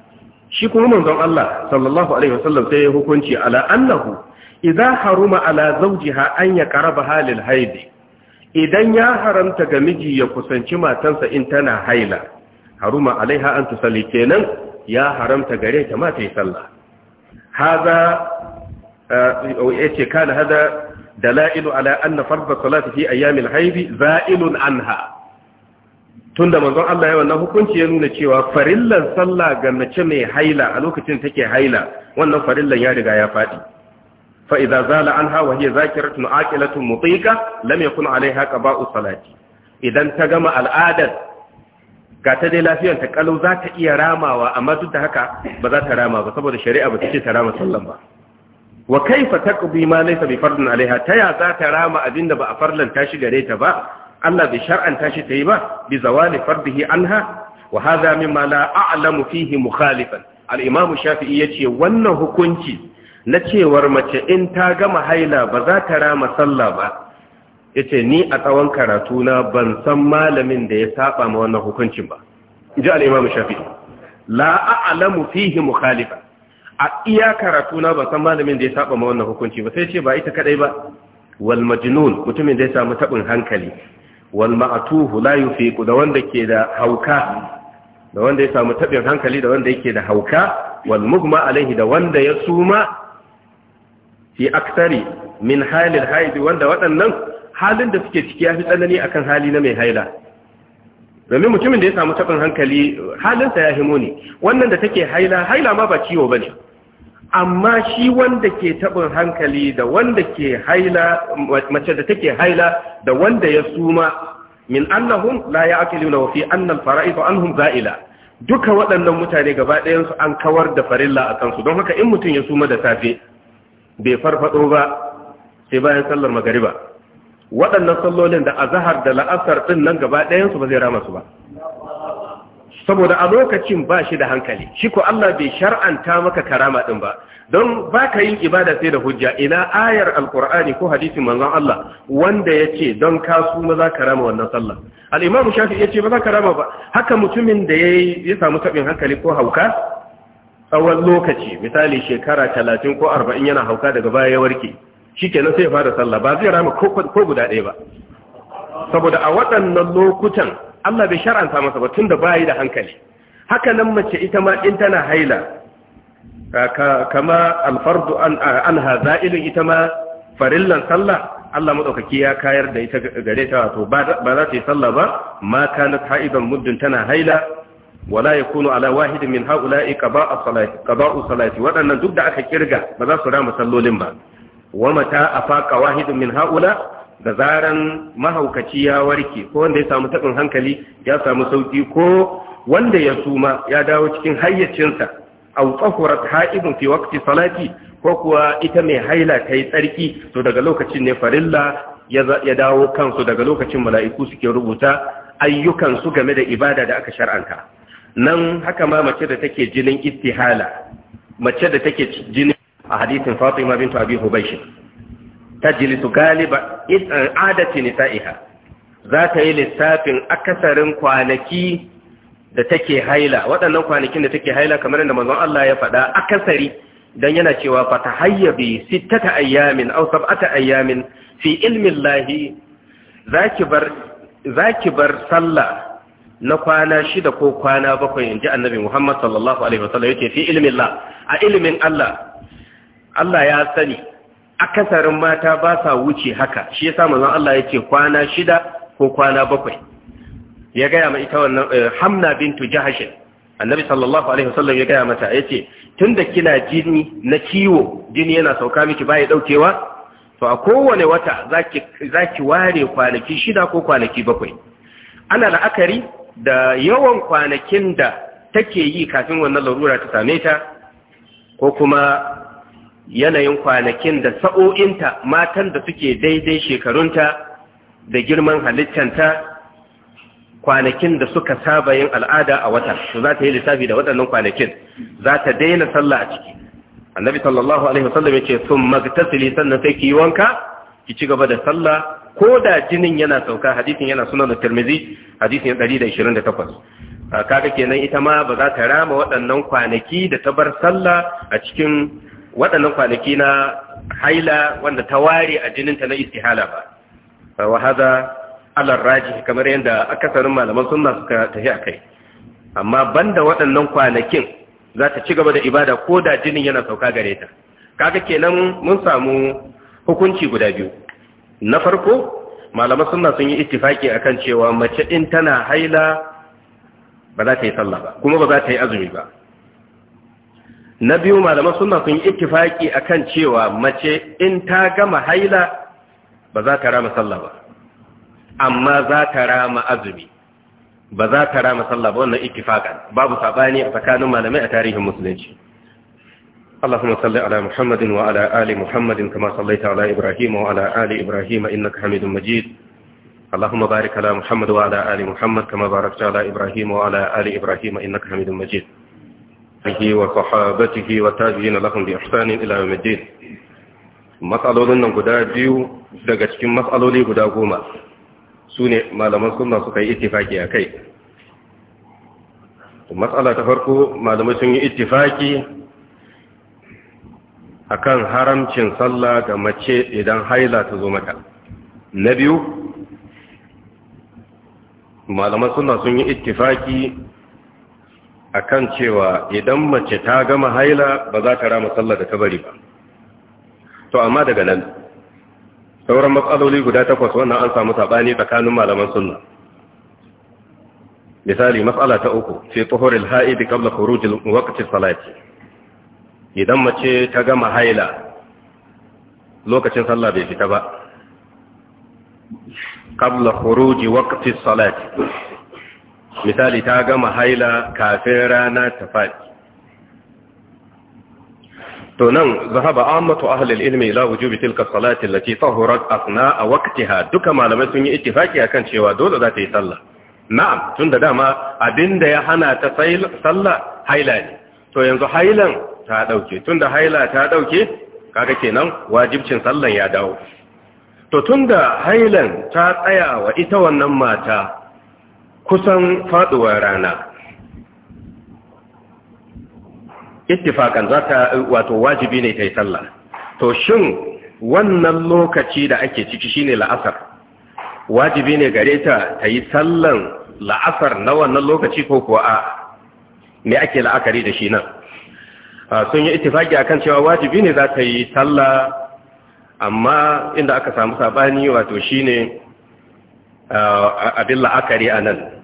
shi kuma manzon Allah sallallahu alaihi wasallam sai ya hukunci ala annahu idza haruma ala zawjiha an yaqrabaha lil haidi idan ya haramta ga miji ya kusanci matansa in tana haila haruma alaiha an tusalli kenan ya haramta gare ta ma ta yi sallah haza eh, yace kana hada dalailu ala anna farda salati fi ayyamil haidi za'ilun anha tunda manzon Allah ya wannan hukunci ya nuna cewa farillan sallah ga mace mai haila a lokacin take haila wannan farillan ya riga ya fadi fa idza zala anha wa hiya zakiratun aqilatun mutiqa lam yakun alaiha qaba'u salati idan ta gama al'adar ga ta dai lafiyar ta kalau za ta iya ramawa amma duk da haka ba za ta rama ba saboda shari'a ba ta ce ta rama sallan ba wa kaifa taqdi ma laysa bi fardin alaiha ta ya za ta rama abinda ba a farlanta shi gare ta ba Allah bai shar'anta shi ta yi ba bi zawali fardihi anha wa hadha mimma la a'lamu fihi mukhalifan al-imam shafi'i yace wannan hukunci na cewar mace in ta gama haila ba za ta rama sallah ba yace ni a tsawon karatu na ban san malamin da ya saba ma wannan hukuncin ba inji al-imam la a'lamu fihi mukhalifa a iya karatu na ban san malamin da ya saba ma wannan hukunci ba sai ce ba ita kadai ba wal majnun mutumin da ya samu tabin hankali wal ma'tuhu la yufiqu da wanda ke da hauka da wanda ya samu tabin hankali da wanda yake da hauka wal mughma alaihi da wanda ya suma fi aktari min halil haidi wanda waɗannan halin da suke ciki ya fi tsanani akan hali na mai haila domin mutumin da ya samu taɓin hankali halinsa ya himo ne wannan da take haila haila ma ba ciwo ba ne amma shi wanda ke taɓin hankali da wanda ke haila mace da take haila da wanda ya suma min annahum la ya'qiluna wa fi anna al faraid anhum za'ila duka waɗannan mutane gaba ɗayan su an kawar da farilla a kansu don haka in mutum ya suma da safe bai farfado ba sai bayan sallar magariba waɗannan sallolin da a zahar da la'asar ɗin nan gaba ɗayansu ba zai rama su ba saboda a lokacin ba shi da hankali shi ko Allah bai shar'anta maka karama ɗin ba don ba ka yin ibada sai da hujja ina ayar alkur'ani ko hadisin manzon Allah wanda ya ce don kasu ma za ka rama wannan sallah al'imamu shafi ya ce ba za ka rama ba haka mutumin da ya samu taɓin hankali ko hauka tsawon lokaci misali shekara talatin ko arba'in yana hauka daga baya ya warke shikenan sai ya fara sallah ba zai rama ko guda ɗaya ba saboda a waɗannan lokutan Allah bai shar'anta masa ba tunda bayi da hankali haka nan mace ita ma in tana haila kama alfardu an haza'ilin ita ma farillan sallah Allah maɗaukaki ya kayar da ita gare ta wato ba za ta yi sallah ba ma kanat ha'idan muddin tana haila wala kunu ala wahidin min ha'ula'i qada'u salati waɗannan duk da aka kirga ba za su rama sallolin ba wa mata afaqa wahidun min haula da zaran mahaukaci ya warke ko wanda ya samu tabin hankali ya samu sauki ko wanda ya suma ya dawo cikin hayyacinsa aw tahurat ha'ibun fi waqti salati ko kuwa ita mai haila ta yi tsarki to daga lokacin ne farilla ya dawo kansu daga lokacin mala'iku suke rubuta ayyukansu game da ibada da aka shar'anta nan haka ma mace da take jinin istihala mace da take jinin a hadisin Fatima bintu Abi Hubaysh tajlisu galiba eh, adati nisa'iha za ta yi lissafin akasarin kwanaki da take haila waɗannan kwanakin da take haila kamar yadda manzon Allah ya faɗa akasari don yana cewa fa tahayyabi sittata ayyamin aw sab'ata ayyamin fi ilmi Allah zaki bar bar sallah na kwana shida ko kwana bakwai inji annabi Muhammad sallallahu alaihi wasallam yake fi ilmi Allah a ilmin Allah Allah ya sani akasarin mata ba sa wuce haka shi ya yasa zan Allah ya ce kwana shida ko kwana bakwai ya gaya ma ita wannan eh, Hamna bintu jahashin Annabi sallallahu alaihi wasallam ya gaya mata ya yace tunda kina jini na kiwo, jini yana sauka miki ya ɗaukewa, to a kowane wata za ki ware kwanaki shida ko kwanaki bakwai ana la'akari da yawan kwanakin da take yi kafin wannan larura ta same ta ko kuma yanayin kwanakin da sa'o'inta matan da suke daidai shekarunta da girman halittanta kwanakin da suka saba yin al'ada a wata su za ta yi lissafi da waɗannan kwanakin za ta daina sallah a ciki annabi sallallahu alaihi wasallam ya ce sun magtasili sannan sai ki yi wanka ki ci gaba da sallah ko da jinin yana sauka hadisin yana sunan tirmizi hadisin 128 kaga kenan ita ma ba za ta rama waɗannan kwanaki da ta bar sallah a cikin waɗannan kwanaki na haila wanda ta ware a jininta na istihala ba wa haza alar kamar yadda akasarin malaman sunna suka tafi a kai amma banda waɗannan kwanakin za ta ci gaba da ibada ko da jinin yana sauka gare ta kaga kenan mun samu hukunci guda biyu na farko malaman sunna sun yi ittifaki akan cewa mace in tana haila ba za ta yi sallah ba kuma ba za ta yi azumi ba na biyu malaman suna sun yi ittifaki akan cewa mace in ta gama haila ba za ta rama sallah ba amma za ta rama azumi ba za ta rama sallah ba wannan ittifakan babu sabani a tsakanin malamai a tarihin musulunci اللهم صل على محمد وعلى آل محمد كما صليت على إبراهيم وعلى آل إبراهيم إنك حميد مجيد اللهم بارك على محمد وعلى آل محمد كما باركت على إبراهيم وعلى آل إبراهيم إنك حميد مجيد وصحابته وتابعين لهم بإحسان إلى matsalolin nan guda biyu daga cikin matsaloli guda goma su ne malaman sunna suka yi ittifaki a kai matsala ta farko malamai sun yi ittifaki akan haramcin sallah ga mace idan haila ta zo na biyu malaman suna sun yi ittifaki akan cewa idan mace ta gama haila ba za ta rama sallar da ta bari ba to amma daga nan sauran matsaloli guda takwas wannan an samu sabani tsakanin malaman sunna misali matsala ta uku fi tuhuril haidi qabla khurujil waqti salati idan mace ta gama haila lokacin sallah bai fita ba qabla khuruji waqti salati misali ta gama haila kafin rana ta faɗi to nan zahaba ammatu ahlul ilmi la wujubi tilka salati allati tahurat asna waqtiha duka malamai sun yi ittifaki akan cewa dole za ta yi sallah na'am tunda dama abinda ya hana ta sallah haila ne to yanzu hailan ta dauke tunda haila ta dauke kaga kenan wajibcin sallan ya dawo to tunda hailan ta tsaya wa ita wannan mata kusan faduwar rana ittifakan zaka wato wajibi ne ta sallah to shin wannan lokaci da ake ciki shine la'asar wajibi ne gare ta ta sallan la'asar na wannan lokaci ko kuwa a me ake la'akari da shi nan ah, sun yi ittifaki akan cewa wajibi ne za ta yi sallah amma inda aka samu sabani wato shine ah, abin la'akari a nan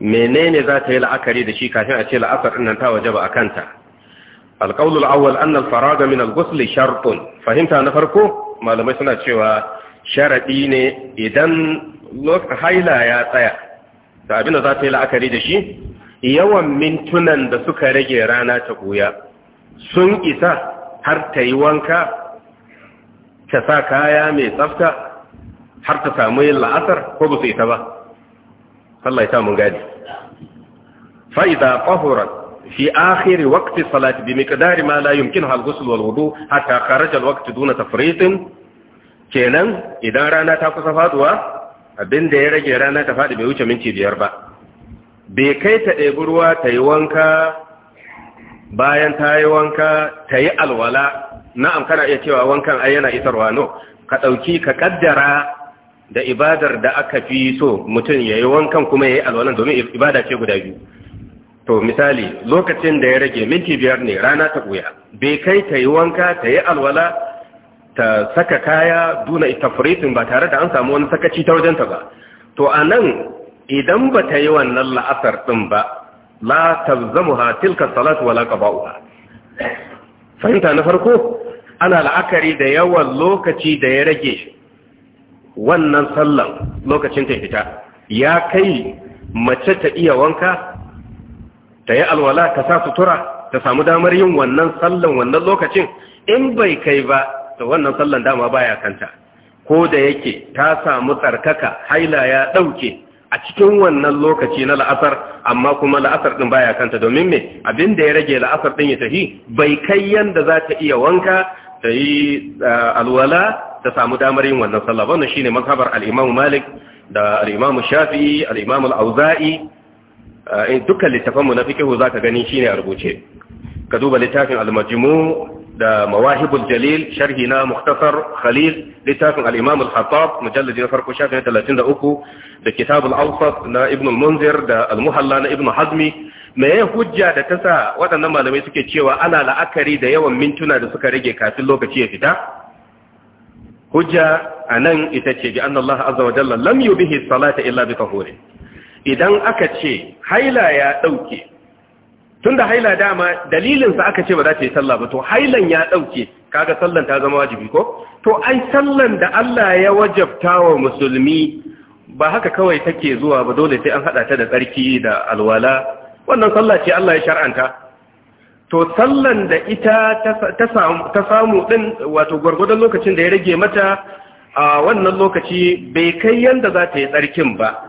menene za ta yi la'akari da shi kafin a ce la'asar ɗin nan ta wajaba a kanta alƙaulul awwal annal faraga min al-ghusl shartun fahimta na farko malamai suna cewa sharadi ne idan lokacin haila ya tsaya ta abin da za ta yi la'akari da shi yawan mintunan da suka rage rana ta buya sun isa har ta yi wanka ta sa kaya mai tsafta har ta samu yin la'asar ko ba su isa ba Allah ya sa mun gadi fa idza tahurat fi akhir waqti salati bi miqdari ma la yumkin hal ghusl wal wudu hatta kharaja al waqti duna tafritin kenan idan rana ta kusa faduwa abinda ya rage rana ta fadi bai wuce minti biyar ba bai kai ta ɗebi ruwa ta yi wanka bayan ta yi wanka ta yi alwala na'am kana iya cewa wankan ai yana isarwa no ka ɗauki ka ƙaddara da ibadar da aka fi so mutum ya yi wankan kuma ya yi alwalan domin ibada ce guda biyu to misali lokacin da ya rage minti biyar ne rana ta ɓuya bai kai ta yi wanka ta yi alwala ta saka kaya duna tafritin ba tare da an samu wani sakaci ta wajenta ba to a nan idan ba ta yi wannan la'asar ɗin ba la ha tilka salatu wala qaba'uha fahimta na farko ana la'akari da yawan lokaci da ya rage wannan sallan lokacin ta fita ya kai mace ta iya wanka ta yi alwala ta sa sutura ta samu damar yin wannan sallan wannan lokacin in bai kai ba ta wannan sallan dama baya kanta ko da yake ta samu tsarkaka haila ya ɗauke a cikin wannan lokaci na la'asar amma kuma la'asar ɗin baya kanta domin me abin da ya rage la'asar ɗin ya tafi bai kai yanda za ta iya wanka ta yi eh, alwala ta samu damar yin wannan sallah wannan shine mazhabar al-Imam Malik da al-Imam Shafi'i al-Imam al-Auza'i eh, in dukkan littafan mu na fiqh zaka gani shine a rubuce ka duba littafin al-Majmu' da Mawahibul Jalil sharhi na Mukhtasar Khalil littafin al-Imam al-Khattab mujallad na farko shafin 33 da Kitab al-Awsat na Ibn al-Munzir da al-Muhalla na Ibn Hazmi me hujja da ta sa waɗannan malamai suke cewa ana la'akari da yawan mintuna da suka rage kafin lokaci ya fita hujja nan ita ce bi anna azza wa jalla lam yubihi salata illa bi tahurin idan aka ce haila ya dauke tunda haila dama dalilin sa aka ce ba za ta yi sallah ba to hailan ya dauke kaga sallan ta zama wajibi ko to ai sallan da Allah ya wajabta wa musulmi ba haka kawai take zuwa ba dole sai an hada ta da tsarki da alwala wannan sallah ce Allah ya shar'anta to sallan da ita ta samu ɗin wato gwargwadon lokacin da ya rage mata a wannan lokaci bai kai yadda za ta yi tsarkin ba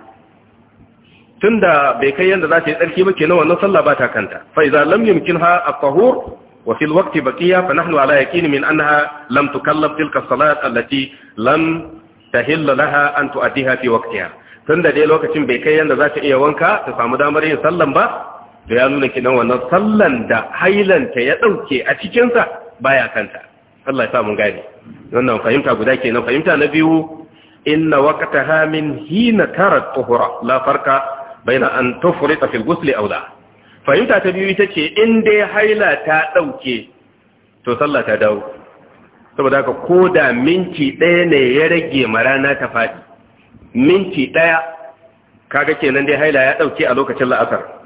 tun da bai kai yadda za ta yi tsarki ba kenan wannan sallah ba ta kanta fa iza lam ha a tahur wa fil waqti ya fa nahnu ala yaqin min annaha lam tukallaf tilka as-salat allati lam tahill laha an tu'addiha fi waqtiha tun da dai lokacin bai kai yadda za ta iya wanka ta samu damar yin sallan ba da ya nuna kidan wannan sallan da hailanta ya ɗauke a cikinsa baya kanta Allah ya sa mun gane wannan fahimta guda kenan fahimta na biyu inna waqtaha hamin hina tara tuhura la farka baina an tufrita fil ghusl aw fahimta ta biyu ita ce in dai haila ta ɗauke to sallah ta dawo saboda ko da minti ɗaya ne ya rage ma rana ta faɗi minti ɗaya kaga kenan dai haila ya ɗauke a lokacin la'asar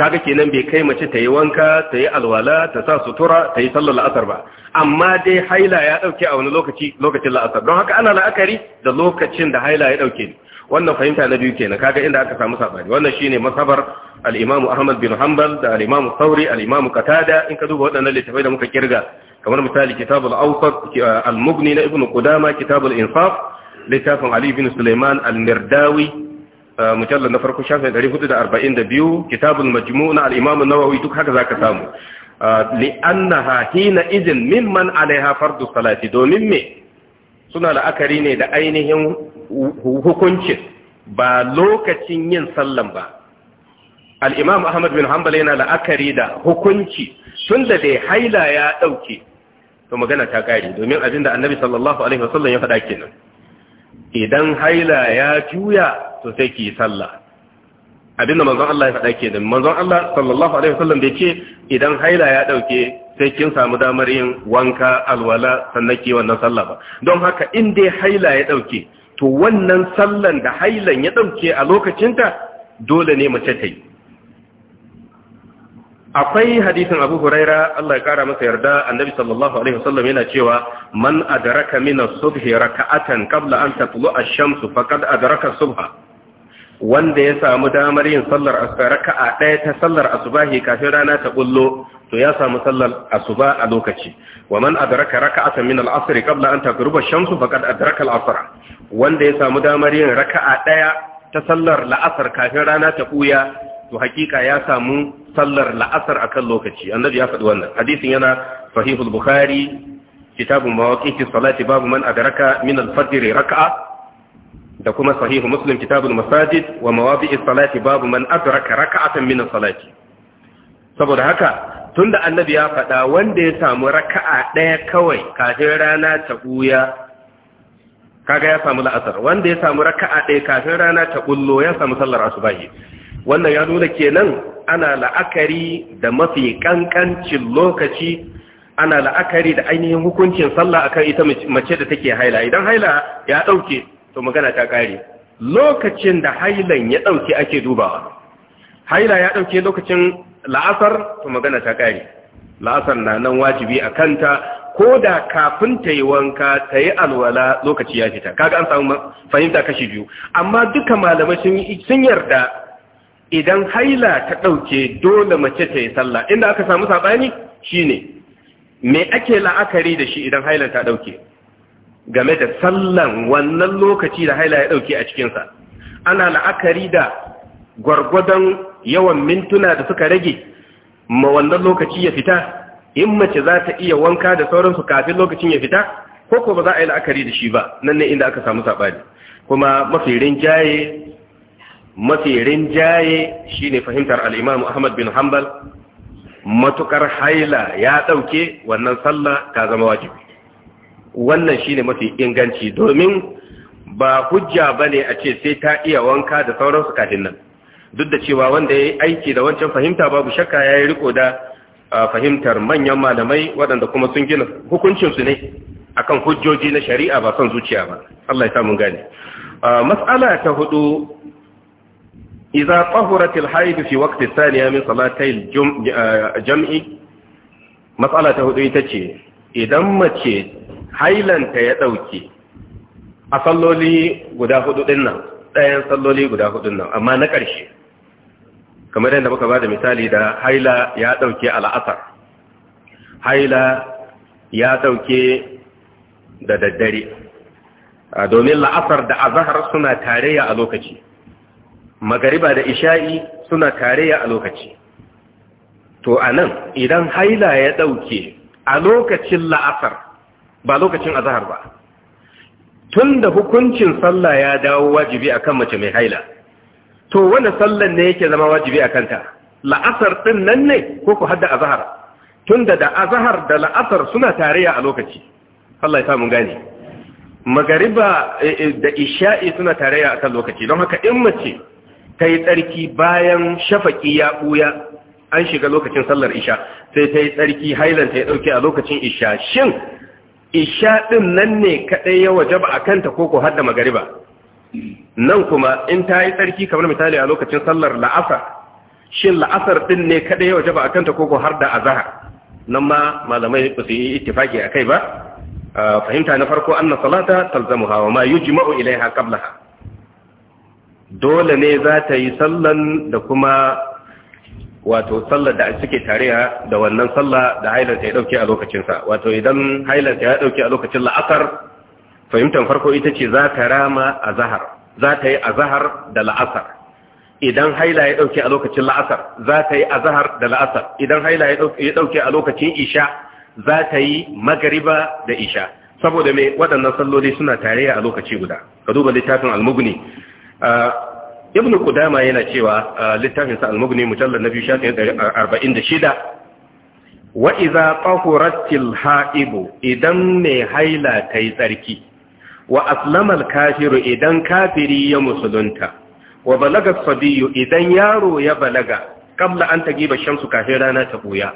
kaga kenan bai kai mace ta yi wanka ta yi alwala ta sa sutura ta yi sallar la'asar ba amma dai haila ya dauke a wani lokaci lokacin la'asar don haka ana la'akari da lokacin da haila ya dauke wannan fahimta na biyu kenan kaga inda aka samu sabani wannan shine masabar al Ahmad bin Hanbal da al-Imam al'imamu al Qatada in ka duba wadana littafai da muka kirga kamar misali Kitabul Awsat al-Mughni na ibnu Qudama Kitabul Insaf littafin Ali bin Sulaiman al-Mirdawi mujallar na farko shafin 442 kitabul majmu' na al-imam an-nawawi duk haka zaka samu annaha hina idin mimman alaiha fardu salati domin me suna la'akari ne da ainihin hukuncin ba lokacin yin sallan ba al'imam ahmad bin hanbal yana la'akari da hukunci tunda da dai haila ya ɗauke to magana ta ƙari domin abinda annabi sallallahu alaihi wasallam ya faɗa kenan idan haila ya juya to sai ki yi sallah abinda manzon Allah ya faɗa kenan manzon Allah sallallahu alaihi wasallam bai ce idan haila ya dauke sai kin samu damar yin wanka alwala sannan ki wannan sallah ba don haka in dai haila ya dauke to wannan sallan da hailan ya dauke a lokacinta dole ne mace ta yi akwai hadisin Abu Huraira Allah ya kara masa yarda annabi sallallahu alaihi wasallam yana cewa man adraka min as-subhi raka'atan qabla an tatlu'a ash-shamsu faqad adraka as-subha wanda ya samu damar yin sallar a ɗaya ta sallar asubahi kafin rana ta bullo to ya samu sallar asuba a lokaci wa man adraka raka'atan min al qabla an tagruba shamsu faqad adraka al wanda ya samu damar yin raka'a ɗaya ta sallar la'asar kafin rana ta buya to hakika ya samu sallar la'asar akan lokaci annabi ya faɗi wannan hadisin yana sahihul bukhari kitabun mawaqitis salati babu man adraka min al-fajr raka'a da kuma sahihu muslim kitabul masajid wa mawabi'i salati babu man adraka raka'atan min salati saboda haka tunda annabi ya faɗa wanda ya samu raka'a ɗaya kawai kafin rana ta buya kaga ya samu la'asar wanda ya samu raka'a ɗaya kafin rana ta bullo ya samu sallar asubahi wannan ya nuna kenan ana la'akari da mafi kankancin lokaci ana la'akari da ainihin hukuncin sallah akan ita mace da take haila idan haila ya ɗauke to magana ta ƙare. lokacin da hailan ya ɗauke ake dubawa haila ya ɗauke lokacin la'asar to magana ta ƙare. la'asar na nan wajibi a kanta ko da kafin ta yi wanka ta yi alwala lokaci ya fita kaga an samu fahimta kashi biyu amma duka malamai sun yarda idan haila ta ɗauke dole mace ta yi sallah inda aka samu saɓani shine me ake la'akari da shi idan hailan ta ɗauke? game da sallan wannan lokaci da haila ya ɗauke a cikinsa ana la'akari da gwargwadon yawan mintuna da suka rage ma wannan lokaci ya fita in mace za ta iya wanka da sauransu kafin lokacin ya fita ko ko ba za a yi la'akari da shi ba nan ne inda aka samu saɓani kuma mafi rinjaye mafi rinjaye shi ne fahimtar al'imamu ahmad bin hambal matukar haila ya ɗauke wannan sallah ka zama wajibi wannan shi ne mafi inganci domin ba hujja bane a ce sai ta iya wanka da sauransu kafin nan duk da cewa wanda ya yi aiki da wancan fahimta babu shakka ya yi riko da fahimtar manyan malamai waɗanda kuma sun gina hukuncinsu ne akan hujjoji na shari'a ba son zuciya ba Allah ya samu gane mas'ala ta hudu idza tahurat fi waqti saniya min jami mas'ala ta hudu ita ce idan mace hailanta ya ɗauke a salloli guda hudu ɗin nan ɗayan salloli guda hudun nan amma na ƙarshe kamar yadda muka ba da misali da haila ya ɗauke al'asar haila ya ɗauke da daddare domin la'asar da azahar suna tarayya a lokaci magariba da isha'i suna tarayya a lokaci to a nan idan haila ya ɗauke a lokacin la'asar ba lokacin azahar ba Tunda hukuncin sallah ya dawo wajibi akan mace mai haila to wanda sallan ne yake zama wajibi a kanta la'asar din nan ne ko ku hadda azahar tun da da azahar da la'asar suna tarayya a lokaci Allah ya samu gane magariba eh, eh, da isha'i suna tarayya a kan lokaci don haka in mace ta yi tsarki bayan shafaki ya ɓuya an shiga lokacin sallar isha sai ta yi tsarki ta ya ɗauke a lokacin isha shin isha ɗin nan ne kaɗai ya waje ba a kanta koko har da magariba nan kuma in ta yi tsarki kamar misali a lokacin sallar la'asar shin la'asar ɗin ne kaɗai ya waje ba a kanta koko har da azahar nan ma malamai ba su yi ittifaki a kai ba fahimta na farko Annan salata talzamuha wa ma yujma'u ilaiha kablaha dole ne za ta yi sallan da kuma wato sallar da suke tare da wannan sallah da hailanta ya dauke a lokacinsa wato idan hailanta ya dauke a lokacin la'asar fahimtar farko ita ce za ta rama a zahar za ta yi a zahar da la'asar idan haila ya dauke a lokacin la'asar za ta yi a zahar da la'asar idan haila ya dauke a lokacin isha za ta yi magariba da isha saboda mai waɗannan salloli suna tare a lokaci guda ka duba littafin almugni ah, ibn kudama yana cewa littafinsa al-mughni mujallal nabi shafin 46 wa idza qahuratil haibu idan mai haila tai tsarki wa aslama al-kafiru idan kafiri ya musulunta wa balaga sabiyu idan yaro ya balaga kabla an tagiba shamsu kafin rana ta buya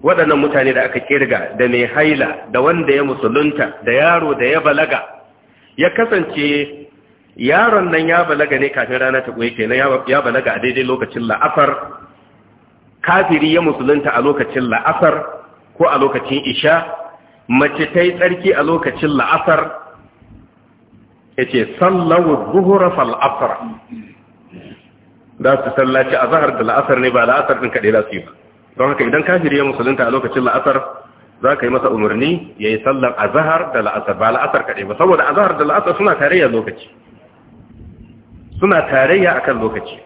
waɗannan mutane da aka kirga da mai haila da wanda ya musulunta da yaro da ya balaga ya kasance yaron nan ya balaga ne kafin rana ta goye kenan ya balaga a daidai lokacin la'asar kafiri ya musulunta a lokacin la'asar ko a lokacin isha mace ta yi tsarki a lokacin la'asar ya ce sallawa zuhura fal'asar za su sallaci a zahar da la'asar ne ba la'asar ɗin kaɗai za su yi ba don haka idan kafiri ya musulunta a lokacin la'asar za ka yi masa umarni ya yi sallar a zahar da la'asar ba la'asar kaɗai ba saboda a zahar da la'asar suna tare a lokaci suna tarayya akan lokaci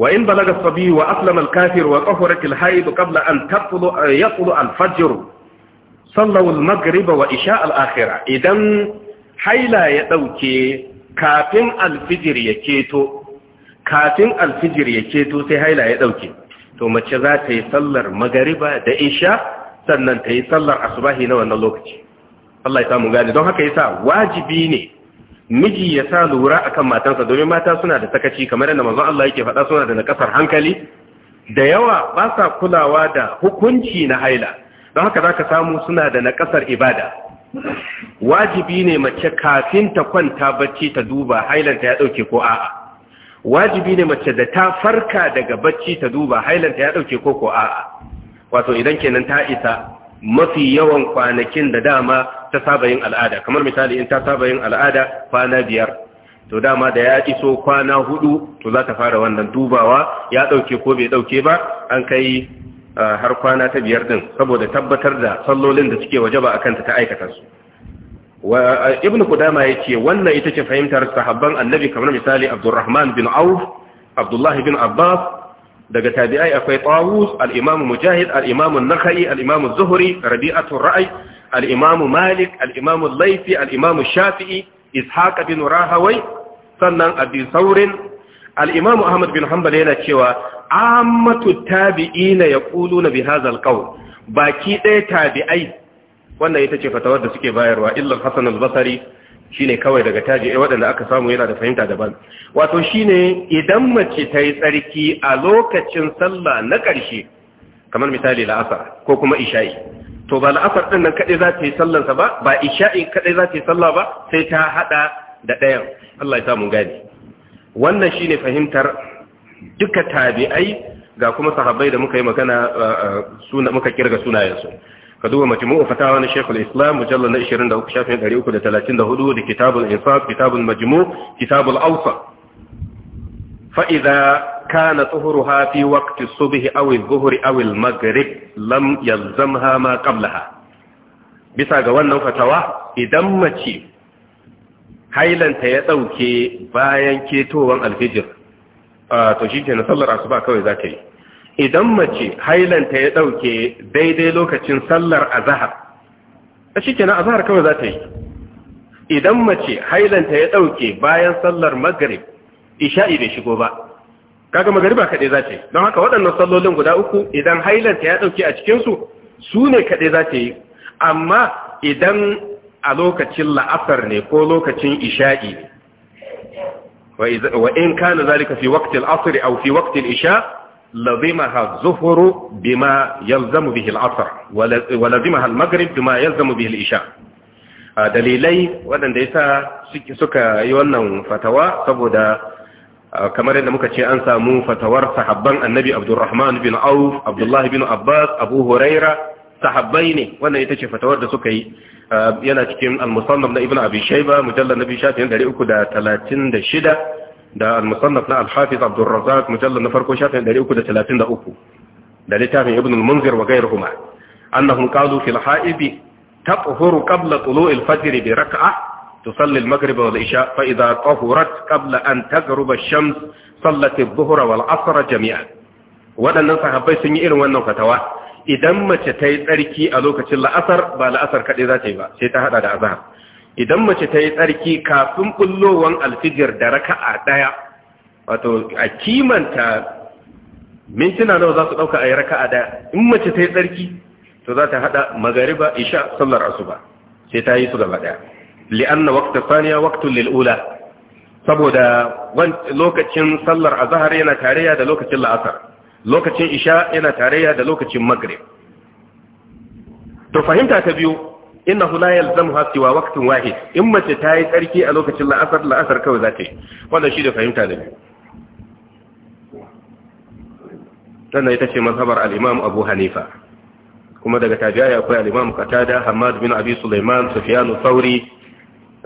wa in balaga sabi wa aslama al-kafir wa qahurat al-hayd qabla an taqulu yaqulu al-fajr sallu al-maghrib wa isha al-akhirah idan haila ya dauke kafin al-fajr ya keto kafin al-fajr ya keto sai haila ya dauke to mace za ta yi sallar magariba da isha sannan ta yi sallar asubahi na wannan lokaci Allah ya samu gani don haka yasa wajibi ne miji ya sa lura akan matansa domin mata suna da sakaci kamar yadda manzon Allah yake faɗa suna da nakasar hankali da yawa ba sa kulawa da hukunci na haila don haka ka samu suna da nakasar ibada wajibi ne mace kafin ta kwanta bacci ta duba hailanta ya dauke ko a'a wajibi ne mace da ta farka daga bacci ta duba hailanta ya ɗauke ko ko a'a wato idan kenan ta isa mafi yawan kwanakin da dama ta saba yin al'ada kamar misali in ta saba yin al'ada kwana biyar to dama da ya iso kwana hudu to za ta fara wannan dubawa ya dauke ko bai dauke ba an kai har kwana ta biyar din saboda tabbatar da sallolin da suke waje ba a kanta ta aikata su Ibn ibnu qudama yace wannan ita ce fahimtar sahabban annabi kamar misali abdurrahman bin auf Abdullahi bin abbas daga tabi'ai akwai tawus al-imam mujahid al-imam an-nakhai al-imam az-zuhri rabi'atu ar-ra'i al-imam malik al-imam al-laythi al-imam shafi'i ishaq bin rahawai sannan abi saurin al-imam ahmad bin hanbal yana cewa ammatu tabi'ina yaquluna bi hadha al-qawl baki ɗaya tabi'ai wannan ita ce fatawar da suke bayarwa illa al-hasan al-basri shine kawai daga taji eh waɗanda aka samu yana da fahimta daban wato shine idan mace ta yi tsarki a lokacin sallah na ƙarshe kamar misali la'asa ko kuma isha'i to ba la'asar ɗin nan kaɗai za ta yi sallansa ba ba isha'i kaɗai za ta yi sallah ba sai ta haɗa da ɗayan Allah ya samu gani wannan shine fahimtar duka tabi'ai ga kuma sahabbai da muka yi magana eh, eh, muka kirga sunayensu ka duba majmu'u fatawa na Sheikhul Islam mujallar na 23 shafin 334 da Kitabul Insaf Kitabul Majmu' Kitabul Awsat fa idza kana tuhruha fi waqti subhi aw adh-dhuhri aw al-maghrib lam yalzamha ma qablaha bisa ga wannan fatawa idan mace hailanta ya dauke bayan ketowan alfijir to shi ke na sallar asuba kawai za ta yi idan mace hailanta ya ɗauke daidai lokacin sallar azahar a shi azahar kawai za ta yi idan mace hailanta ya ɗauke bayan sallar magarib isha'i bai shigo ba kaga magariba kaɗai za ta yi don haka waɗannan sallolin guda uku idan hailanta ya ɗauke a cikinsu su ne kaɗai za ta yi amma idan a lokacin la'asar ne ko lokacin isha'i ne wa in kana zalika fi waqtil asr aw fi waqtil isha لزمها الظهر بما يلزم به العصر ولزمها المغرب بما يلزم به الإشاء dalilai waɗanda ya sa suka yi wannan fatawa saboda kamar yadda muka ce an samu fatawar sahaban annabi abdurrahman bin abdullahi bin abbas abu huraira sahabbai ne wannan ita ce fatawar da suka yi yana cikin al-musannaf na ibn abi shayba mujallal nabi shafin shida. da al-musannaf na al-hafiz Abdul Razzaq na farko shafin 333 da littafin Ibn al-Munzir wa ghayruhuma annahum qalu fil ha'ibi taqhuru qabla tulu'il fajr bi rak'ah تصلي المغرب والعشاء فإذا طهرت قبل أن تغرب الشمس صلت الظهر والعصر جميعا waɗannan sahabbai sun yi irin wannan fatawa idan mace ta yi tsarki a lokacin la'asar ba la'asar kaɗai za ta yi ba sai ta haɗa da azaha. idan mace ta yi tsarki kafin bullowan alfijir da raka'a daya wato a kimanta mintuna nawa za su dauka a yi raka'a daya in mace ta yi tsarki to za ta hada magariba isha sallar asuba sai ta yi su gaba ɗaya. li'anna waqta thaniya waqtun lil ula saboda lokacin sallar azahar yana tarayya da lokacin la'asar lokacin isha yana tarayya da lokacin magrib to fahimta ta biyu innahu la yalzamuha wa waqtin wahid in mace ta yi tsarki a lokacin la'asar la'asar kawai za ta yi wannan shi da fahimta da biyu sannan ita ce mazhabar al-imam abu hanifa kuma daga tabiya akwai al-imam qatada hamad bin abi sulaiman sufyan thawri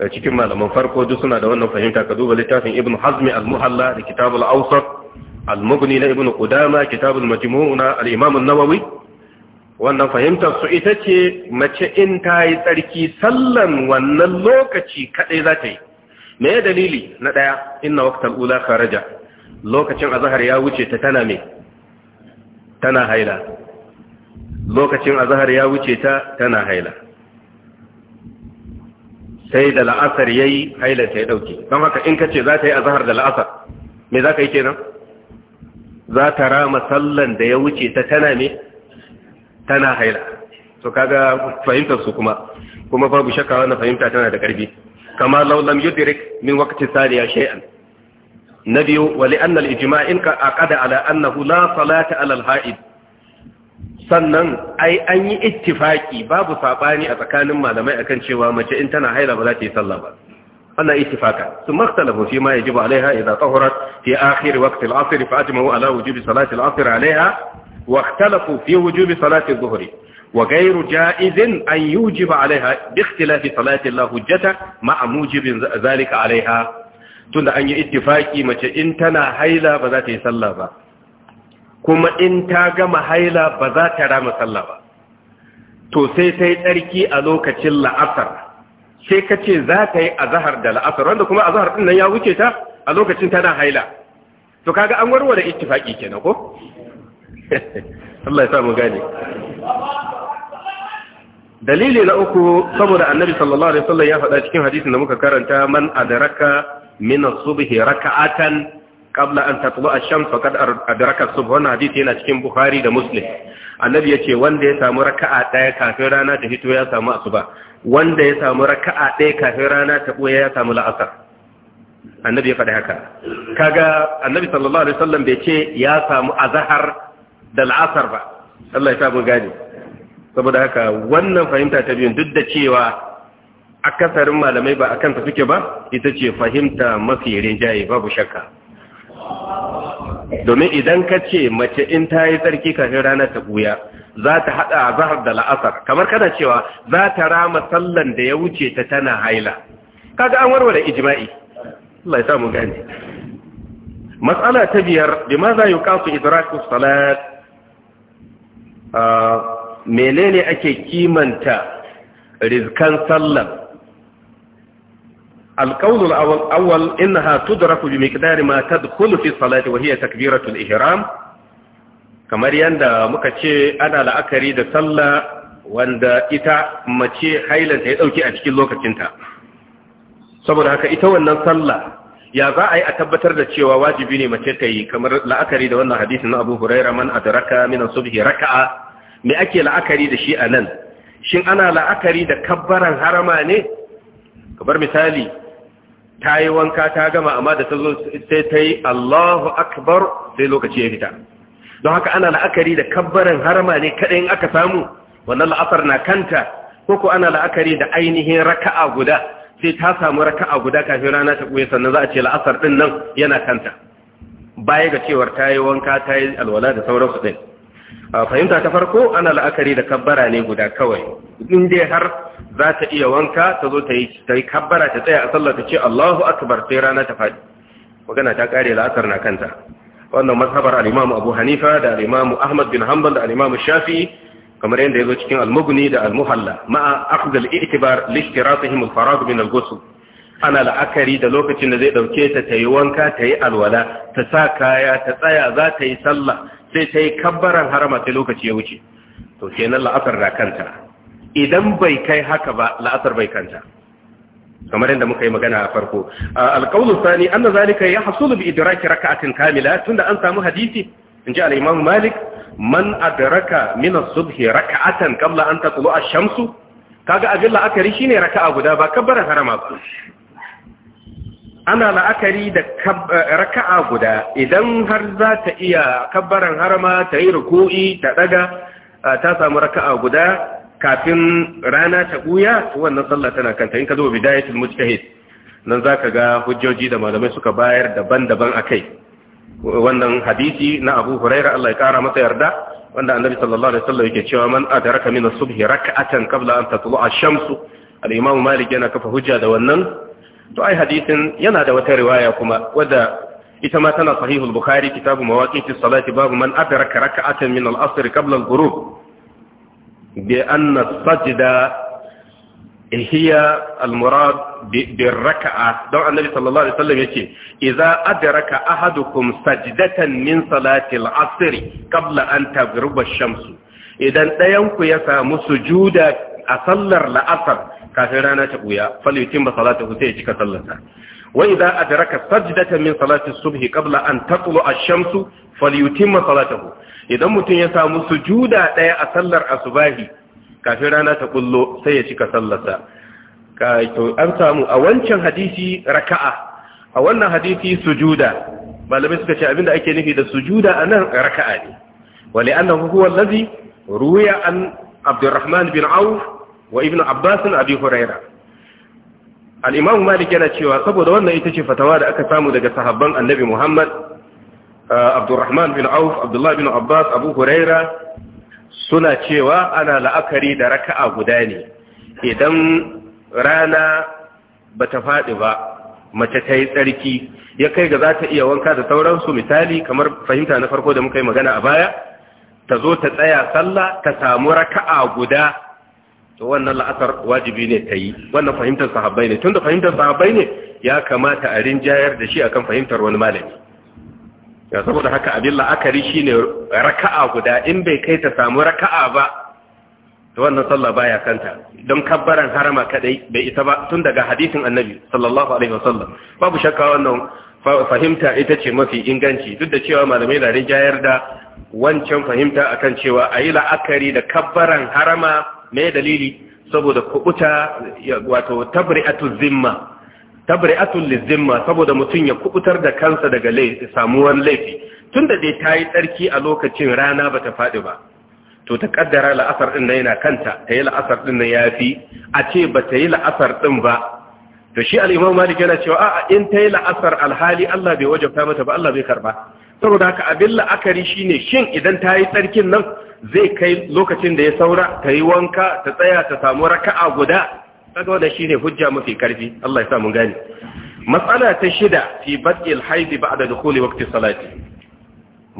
eh, cikin malaman farko duk suna da wannan fahimta ka duba littafin ibn hazmi al-muhalla da kitab al-awsat al-mughni na ibn qudama kitab al-majmu' na al-imam an-nawawi wannan fahimtar su ita ce mace in ta yi tsarki sallan wannan lokaci kaɗai za ta yi me ya dalili na daya inna waqtal ula faraja? lokacin azahar ya wuce ta tana mai, tana haila lokacin azahar ya wuce ta tana haila sai da la'asar yayi haila ta ya ɗauke. don haka in ka ce za ta yi azahar da la'asar me za ka yi kenan za ta rama sallan da ya wuce ta tana mai. tana haila to kaga fahimtar su kuma kuma babu shakka wannan fahimta tana da karfi kama law lam yudrik min waqti saliya shay'an na biyu wa li'anna al-ijma' in ka aqada ala annahu la salata ala al-ha'id sannan ai an yi ittifaki babu sabani a tsakanin malamai akan cewa mace in tana haila ba za ta yi sallah ba ana ittifaka su makhtalafu fi ma yajibu alaiha idza tahurat fi akhir waqti al-'asr fa ajma'u ala wujubi salati al-'asr alaiha واختلفوا في وجوب صلاة الظهر وغير جائز أن يوجب عليها باختلاف صلاة الله حجة مع موجب ذلك عليها tunda an yi ittifaki mace in tana haila ba za ta yi sallah ba kuma in ta gama haila ba za ta rama sallah ba to sai ta yi tsarki a lokacin la'asar sai ka ce za ta yi azahar da la'asar wanda kuma azahar ɗin nan ya wuce ta a lokacin tana haila to kaga an warware ittifaki kenan ko Allah ya samu gane dalili na uku saboda annabi sallallahu alaihi wasallam ya faɗa cikin hadisin da muka karanta man adaraka min as-subhi raka'atan qabla an a ash-shams faqad adraka as-subh wannan hadisi yana cikin bukhari da muslim annabi yace wanda ya samu raka'a daya kafin rana ta fito ya samu asuba wanda ya samu raka'a daya kafin rana ta buya ya samu la'asar annabi ya faɗi haka kaga annabi sallallahu alaihi wasallam bai ce ya samu azhar da la'asar ba Allah ya samu gane saboda haka wannan fahimta ta biyun duk da cewa akasarin malamai ba akan ta suke ba ita ce fahimta mafi rinjaye babu shakka domin idan ka ce mace in ta yi tsarki kafin rana ta buya za ta haɗa a zahar da la'asar kamar kana cewa za ta rama sallan da ya wuce ta tana haila kaga an warware ijma'i Allah ya samu gane matsala ta biyar bi ma za yi kasu idrakus salat menene ake kimanta rizkan sallar القول الأول إنها تدرك بمقدار ما تدخل في الصلاة وهي تكبيرة الإحرام kamar yadda muka ce ana la'akari da sallah wanda ita mace hailanta ya ɗauke a cikin lokacinta saboda haka ita wannan sallah ya za a yi a tabbatar da cewa wajibi ne mace ta yi kamar la'akari da wannan hadisin na Abu Hurairah man adraka min subhi raka'a me ake la'akari da shi a nan shin ana la'akari da kabbaran harama ne kabar misali ta yi wanka ta gama amma da ta zo sai ta yi allahu akbar sai lokaci ya fita don haka ana la'akari da kabbaran harama ne kaɗai aka samu wannan la'asar na kanta ko ko ana la'akari da ainihin raka'a guda sai ta samu raka'a guda kafin rana ta ɓuya sannan za a ce la'asar ɗin nan yana kanta baya ga cewar ta yi wanka ta yi alwala da sauransu ɗin fahimta ta farko ana la'akari da kabbara ne guda kawai in dai har za ta iya wanka ta zo ta yi kabbara ta tsaya a sallar ta ce Allahu akbar sai rana ta faɗi magana ta kare la'asar na kanta wannan mazhabar al-Imam Abu Hanifa da al-Imam Ahmad bin Hanbal da al-Imam Shafi'i kamar yadda yazo cikin al-Mughni da al-Muhalla ma'a akhdh al-i'tibar li ishtiratihim al min al-ghusl ana la'akari da lokacin da zai dauke ta ta yi wanka ta yi alwala ta sa kaya ta tsaya za ta yi sallah sai ta yi kabbaran harama sai lokaci ya wuce to kenan la'asar da kanta idan bai kai haka ba la'asar bai kanta kamar yadda muka yi magana a farko alƙawlu sani anna zalika ya hasulu bi idraki rakatin kamila tunda an samu hadisi in ji al-imam malik man adraka min as-subhi raka'atan qabla an tatlu ash-shamsu kaga abin la'akari shine raka'a guda ba kabbaran harama ba ana la'akari da eh, raka'a guda idan har za ta iya kabbaran harama ta yi ruku'i ta daga eh, ta samu raka'a guda kafin rana ta buya wannan sallah tana kanta in ka zo bidayatul mujtahid nan ka ga hujjoji da malamai suka bayar daban-daban kai. wannan hadisi na Abu Huraira, Allah ya kara masa yarda wanda Annabi sallallahu alaihi wasallam yake cewa man adraka min as-subhi raka'atan qabla an tatlu'a ash-shamsu al-Imam Malik yana kafa hujja da wannan to ai hadisin yana da wata riwaya kuma wadda ita ma tana sahihul bukhari kitabu mawaqitis salati babu man adraka raka'atan min al-asr qabla al-ghurub bi anna as-sajda eh, hiya al-murad bi don annabi sallallahu alaihi wasallam yace idza adraka ahadukum sajdatan min salati al-asr qabla an taghruba ash-shams idan ɗayanku ya samu sujuda a sallar la'asar kafin rana ta buya fal yutimma salatahu sai ya cika sallarsa wa idza adraka sajdatan min salati subhi kabla an tatlu a shamsu falyutimma salatahu idan mutum ya samu sujuda daya a sallar asubahi kafin rana ta kullo sai ya cika sallarsa an samu a wancan hadisi raka'a a wannan hadisi sujuda malamai suka ce abinda ake nufi da sujuda a nan raka'a ne wali annahu huwa allazi ruya an abdurrahman bin auf wa ibnu abbas abi huraira al-imam malik yana cewa saboda wannan ita ce fatawa da aka samu daga sahabban annabi muhammad uh, abdurrahman bin auf abdullah bin abbas abu huraira suna cewa ana la'akari da raka'a guda ne idan rana bata faɗi ba mace ta yi tsarki ya kai ga za ta iya wanka da sauransu misali kamar fahimta na farko da muka yi magana a baya ta zo ta tsaya sallah ta samu raka'a guda to wannan la'asar wajibi ne ta yi wannan fahimtar sahabbai ne tunda fahimtar sahabbai ne ya kamata a rinjayar da shi akan fahimtar wani malami ya saboda haka abin la'akari shine raka'a guda in bai kai ta samu raka'a ba to wannan sallah baya kanta don kabbaran harama kadai bai isa ba tun daga hadisin annabi sallallahu alaihi wasallam babu shakka wannan fahimta ita ce mafi inganci duk da cewa malamai na rinjayar da wancan fahimta akan cewa a yi la'akari da kabbaran harama mai dalili saboda kubuta wato tabri'atul zimma tabri'atul lizimma saboda mutum ya kubutar da kansa daga samuwar laifi tunda dai tayi tsarki a lokacin rana bata fadi ba to ta kaddara la'asar din nan yana kanta yi la'asar din nan yafi a ce bata yi la'asar din ba to shi al-Imam Malik yana cewa a'a in tayi la'asar alhali Allah bai wajabta mata ba Allah bai karba saboda haka abin la'akari shine shin idan ta yi tsarkin nan zai kai lokacin da ya saura ta yi wanka ta tsaya ta samu raka'a guda kaga wannan shine hujja mafi karfi Allah ya mas'ala ta shida fi bad'il haid ba'da waqti salati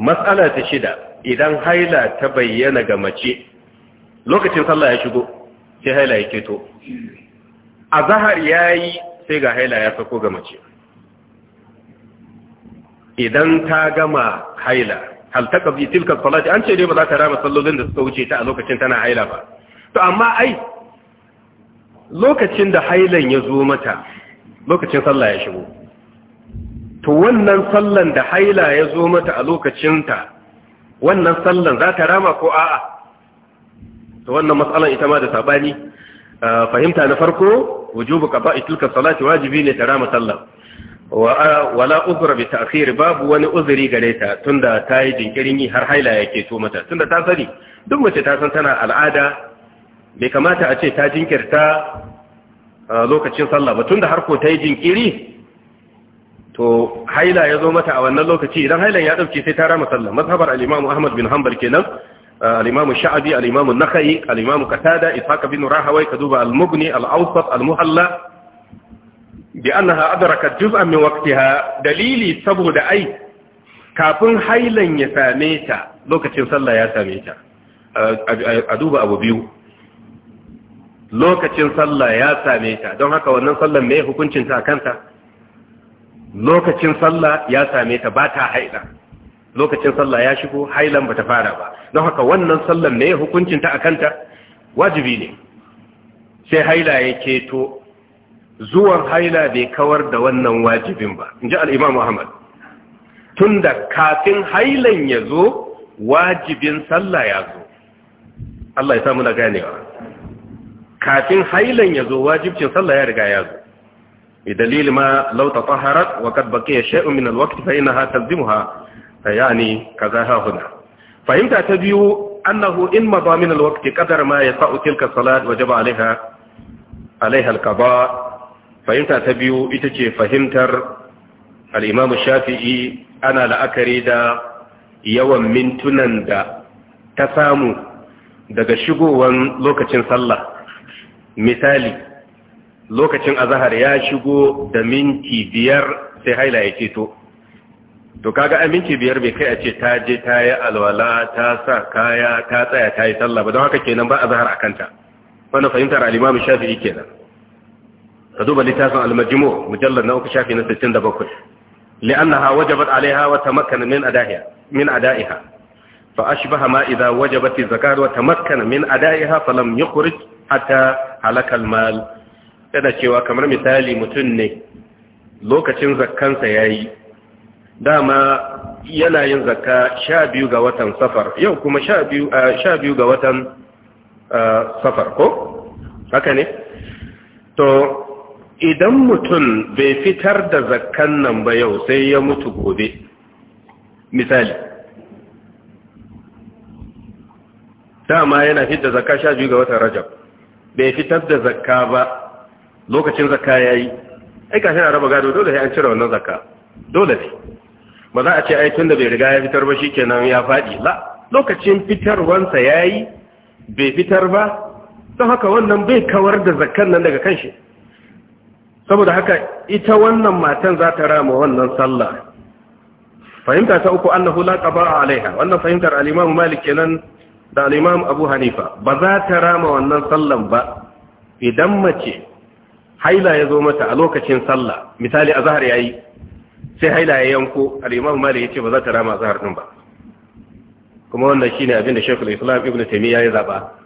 ta shida idan haila ta bayyana ga mace lokacin sallah ya shigo sai haila ya keto azhar yayi sai ga haila ya sako ga mace idan ta gama haila hal ta kafi tilka salati an ce dai ba za ta rama sallolin da suka wuce ta a lokacin tana haila ba to amma ai lokacin da hailan ya zo mata lokacin sallah ya shigo to wannan sallan da haila ya zo mata a lokacinta wannan sallan za ta rama ko a'a to wannan matsalan ita ma da sabani ah, fahimta na farko wujubu qada'i tilka salati wajibi ne ta rama sallah wala uzra bi ta'khir babu wani uzuri gare ta tunda ta yi jinkirin yi har haila yake to mata tunda ta sani duk mace ta san tana al'ada bai kamata a ce ta jinkirta lokacin sallah ba tunda har ko ta yi jinkiri to haila ya zo mata a wannan lokaci idan hailan ya dauke sai ta rama sallah mazhabar al-Imam Ahmad bin Hanbal kenan al-Imam alimamu al-Imam Nakhai al-Imam Qatada Ishaq bin Rahawai ka duba al-Mughni al-Awsat al-Muhalla bi annaha adrakat juz'an min waqtiha dalili saboda ai kafin hailan ya same ta lokacin sallah ya same ta a duba abu biyu lokacin sallah ya same ta don haka wannan sallan mai hukuncin ta kanta lokacin sallah ya same ta ba ta haila lokacin sallah ya shigo hailan bata fara ba don haka wannan sallan mai hukuncin ta kanta wajibi ne sai haila ya keto zuwan haila bai kawar da wannan wajibin ba in ji al'imam Muhammad. tun da kafin hailan ya zo wajibin sallah ya zo Allah ya samu na ganewa kafin hailan ya zo wajibcin sallah ya riga ya zo بدليل ما لو تطهرت وقد بقي شيء من الوقت فإنها تلزمها يعني كذا هنا فإمتى تبيو أنه إن مضى من الوقت قدر ما يسع salat الصلاة وجب عليها عليها القضاء fahimta ta biyu ita ce fahimtar al'imamu shafi'i ana la'akari da yawan mintunan da ta samu daga shigowan lokacin sallah misali lokacin azahar ya shigo da minti biyar sai haila ya ceto to kaga aminci biyar bai kai a ce ta je ta yi alwala ta sa kaya ta tsaya ta yi sallah ba don haka kenan ba azahar a kanta wannan fahimtar al'imamu shafi'i kenan ka duba littafin al-majmu' mujallad na uku shafi na 67 li'annaha wajabat 'alayha wa tamakkana min ada'iha min ada'iha fa ashbaha ma idha wajabat az-zakat wa tamakkana min ada'iha falam yukhrij hatta halaka al-mal kada cewa kamar misali mutun ne lokacin zakkansa yayi dama yana yin zakka 12 ga watan safar yau kuma 12 12 ga watan safar ko haka ne to idan mutum bai fitar da zakkan nan ba yau sai ya mutu gobe misali dama yana fitar da zakka sha biyu ga watan rajab bai fitar da zakka ba lokacin zakka ya yi ai kashi na raba gado dole sai an cire wannan zakka dole ne ba za a ce ai tunda da bai riga ya fitar ba shi kenan ya faɗi la lokacin fitarwansa ya yi bai fitar ba don haka wannan bai kawar da zakkan nan daga kanshi shi saboda haka ita wannan matan za ta rama wannan sallah fahimta ta uku annahu la qada'a alaiha wannan fahimtar al-Imam Malik kenan da al-Imam Abu Hanifa ba za ta rama wannan sallan ba idan mace haila ya zo mata a lokacin sallah misali azhar yayi sai haila ya yanko al-Imam Malik yace ba za ta rama azhar din ba kuma wannan shine abin da Sheikhul Islam Ibn Taymiyyah ya zaba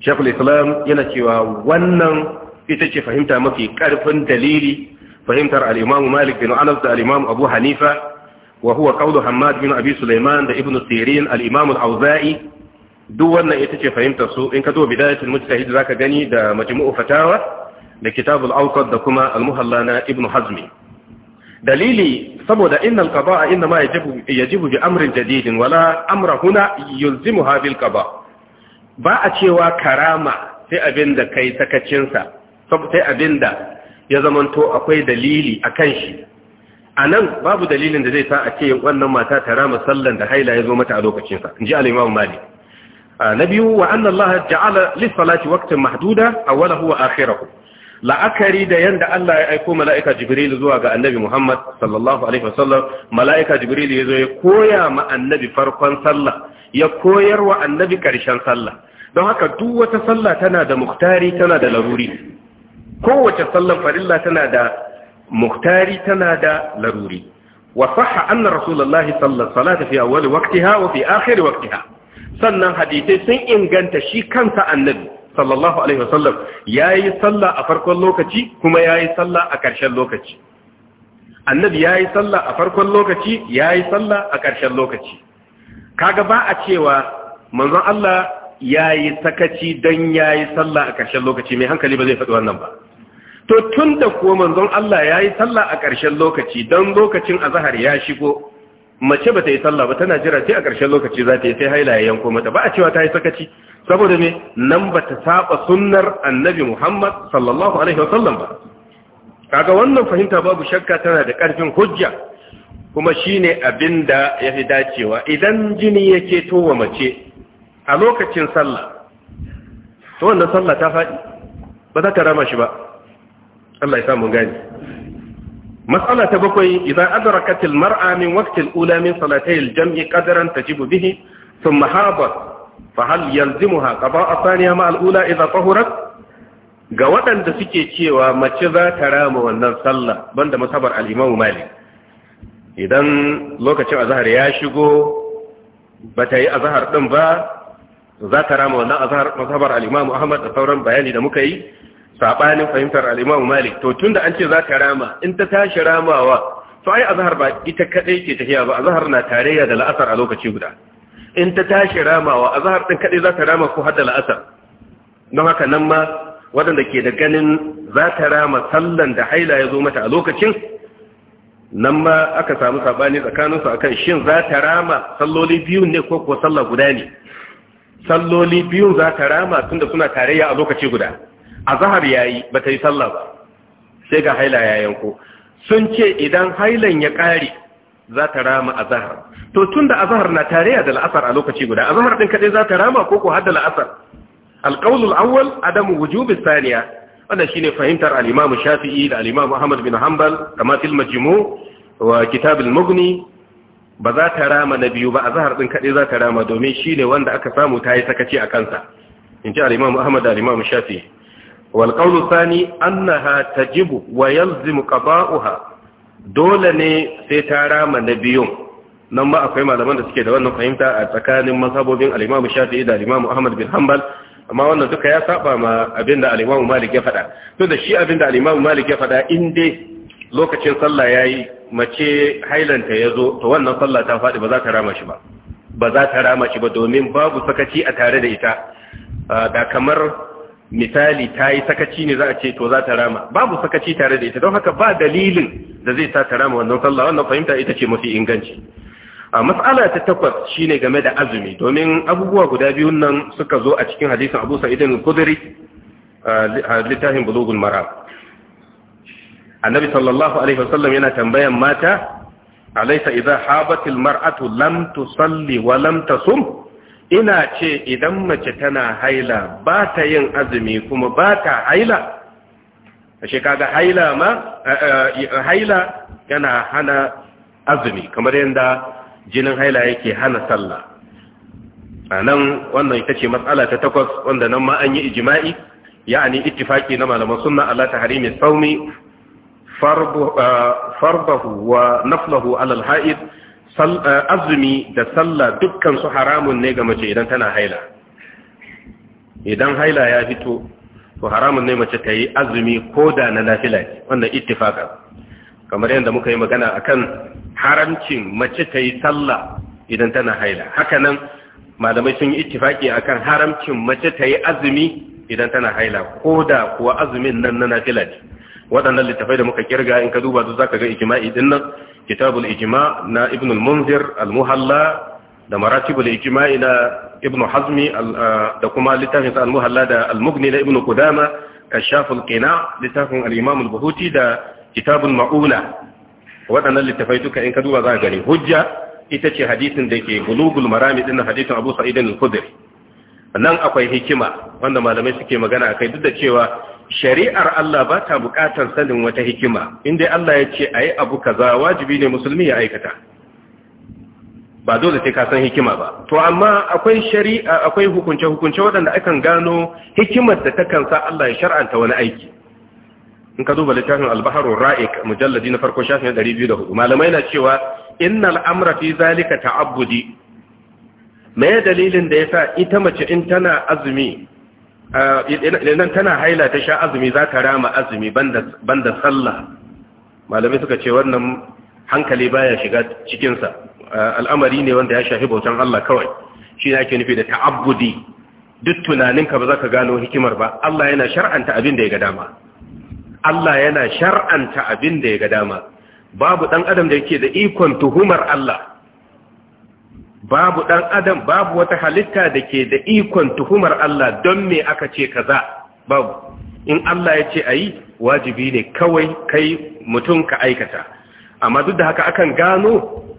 Sheikhul Islam yana cewa wannan ita ce fahimta mafi karfin dalili fahimtar alimam Malik bin Anas da alimam Abu Hanifa wa huwa qawlu Hammad bin Abi Sulaiman da Ibn Sirin al-Imam auzai duk wannan ita ce fahimtar su in ka zo bidayatul mujtahid zaka gani da majmu'u fatawa da kitabul awqat da kuma al-muhalla na Ibn Hazmi dalili saboda innal qada'a inma yajibu yajibu bi amrin jadidin wala amra huna yulzimuha bil qada ba a cewa karama sai abin da kai sakacinsa abin abinda ya zamanto akwai dalili a kan shi anan babu dalilin da zai sa a ce wannan mata ta rama sallan da haila ya zo mata a lokacinsa in inji al mali. na biyu wa anna Allah ja'ala lis-salati Mahduda mahduda awwalahu wa akhirahu la'akari da yanda Allah ya aiko mala'ika Jibril zuwa ga Annabi Muhammad sallallahu alaihi wasallam mala'ika Jibril ya zo ya koya ma Annabi farkon sallah ya koyar wa Annabi karshen sallah don haka duk wata sallah tana da muktari tana da laruri kowace sallan farilla tana da muktari tana da laruri wa sahha anna rasulullahi sallallahu salata fi awwal waqtiha wa fi akhir waqtiha sannan hadisai sun inganta shi kansa annabi sallallahu alaihi wasallam yayi sallah a farkon lokaci kuma yayi sallah a ƙarshen lokaci annabi yayi sallah a farkon lokaci yayi sallah a ƙarshen lokaci kaga ba a cewa manzon Allah yayi sakaci dan yayi sallah a ƙarshen lokaci mai hankali ba zai faɗi wannan ba to tun da kuwa manzon Allah ya yi sallah a ƙarshen lokaci don lokacin azahar ya shigo mace ba ta yi sallah ba tana jira sai a ƙarshen lokaci za ta yi sai haila ya mata ba a cewa ta yi sakaci saboda ne nan ba ta saba sunnar annabi Muhammad sallallahu alaihi wasallam ba kaga wannan fahimta babu shakka tana da ƙarfin hujja kuma shine abin da ya fi dacewa idan jini yake towa mace a lokacin sallah to wannan sallah ta faɗi ba za ta rama shi ba Allah ya samu gani mas'ala ta bakwai idan adrakat almar'a min waqti alula min salatay aljam'i qadaran tajibu bihi thumma habat fa hal yalzimuha qada'a thaniya ma alula idza tahurat ga waɗanda suke cewa mace za ta rama wannan sallah banda masabar al-Imam Malik idan lokacin azhar ya shigo ba ta yi azhar din ba za ta rama wannan azhar masabar al-Imam Ahmad da sauran bayani da muka yi sabanin fahimtar al-Imam Malik to tunda an ce za ta rama in ta tashi ramawa to ai azhar ba ita kadai ke tafiya ba azhar na tarayya da la'asar a lokaci guda in ta tashi ramawa azhar din kadai za ta rama ko hadda la'asar don haka nan ma waɗanda ke da ganin za ta rama sallan da haila ya zo mata a lokacin nan ma aka samu sabani tsakaninsu akan shin za ta rama salloli biyu ne ko ko sallah guda ne salloli biyu za ta rama tunda suna tarayya a lokaci guda azhar yayi bata yi sallah ba sai ga haila ya yanko sun ce idan hailan ya kare za ta rama azhar to tunda azhar na tare da al'asar a lokaci guda azhar din kadai za ta rama ko ko hadda al'asar alqawl al-awwal adamu wujub ath-thaniya wannan shine fahimtar al-imam Shafi'i da al-imam Ahmad bin Hanbal kama fil majmu wa kitab al-mughni ba za ta rama na biyu ba azhar din kadai za ta rama domin shine wanda aka samu ta yi sakaci a kansa in ji al-imam Ahmad da al-imam Shafi'i wal qawlu thani annaha tajibu wa yalzimu qada'uha dole ne sai ta rama na biyun nan ma akwai malaman da suke da wannan fahimta a tsakanin mazhabobin al Shafi'i da al Ahmad bin Hanbal amma wannan duka ya saba ma abinda al-Imam Malik ya faɗa to da shi abinda al-Imam Malik ya faɗa in dai lokacin sallah yayi mace hailanta yazo to wannan sallah ta faɗi ba za ta rama shi ba ba za ta rama shi ba domin babu sakaci a tare da ita ah, da kamar misali ta yi sakaci ne za a ce to za ta rama babu sakaci tare da ita don haka ba dalilin da zai sa ta rama wannan sallah wannan fahimta ita ce mafi inganci a mas'ala ta takwas shine game da azumi domin abubuwa guda biyun nan suka zo a cikin hadisin Abu Sa'id al a littafin Bulughul mara Annabi sallallahu alaihi wasallam yana tambayan mata alaysa idha habatil mar'atu lam tusalli wa lam tasum ina ce idan mace tana haila ba ta yin azumi kuma ba ta haila A shekaga haila ma eh, eh, haila yana hana azumi kamar yadda jinin haila yake hana sallah nan, wannan ita ce matsala ta takwas wanda nan ma an yi ijma'i ya'ani ittifaki na malaman sunna Allah ta tahrimi sawmi farbahu eh, wa naflahu ala al-haid Eh, azumi da sallah dukkan su haramun ne ga mace idan tana haila idan haila ya fito to haramun ne mace ta yi azumi ko da na nafila wannan ittifaka kamar yadda muka yi magana akan haramcin mace ta yi sallah idan tana haila hakanan malamai sun yi ittifaki akan haramcin mace ta yi azumi idan tana haila ko da kuwa azumin nan na nafila waɗannan littafai da muka kirga in ka duba za zaka ga ijma'i din nan kitabul na ibn al-munzir al-muhalla da maratibul Ijima'i na ibn hazmi da kuma littafin sa al-muhalla da al-mughni na ibn qudama kashaf qina littafin al-imam al-buhuti da kitabul ma'ula waɗannan littafai duka in ka duba zaka gani hujja ita ce hadisin da ke bulugul marami din hadisin abu sa'id al-khudri nan akwai hikima wanda malamai suke magana akai duk da cewa shari'ar Allah ba ta buƙatar sanin wata hikima inda Allah ya ce a yi abu kaza wajibi ne musulmi ya aikata ba dole sai ka san hikima ba to amma akwai shari'a akwai hukunce-hukunce waɗanda akan gano hikimar da takan sa Allah ya shar'anta wani aiki in ka duba littafin albaharun ra'ik mujalladi na farko shafin 204 malamai na cewa innal amra fi zalika ta'abbudi me dalilin da yasa ita mace in tana azumi Eh, idan tana haila ta sha azumi za ta rama azumi banda sallah malamai suka ce wannan hankali baya shiga cikinsa eh, al'amari ne wanda ya shafi bautan Allah kawai shi ne ake nufi da ta'abbudi duk tunaninka ba za ka gano hikimar ba Allah yana shar'anta abin da ya ga dama Allah yana shar'anta abin da ya ga dama babu dan adam da yake da ikon tuhumar Allah babu ɗan adam babu wata halitta da ke da ikon tuhumar Allah don me aka ce kaza babu in Allah ya ce a yi wajibi ne kawai kai mutum ka aikata amma duk da haka akan gano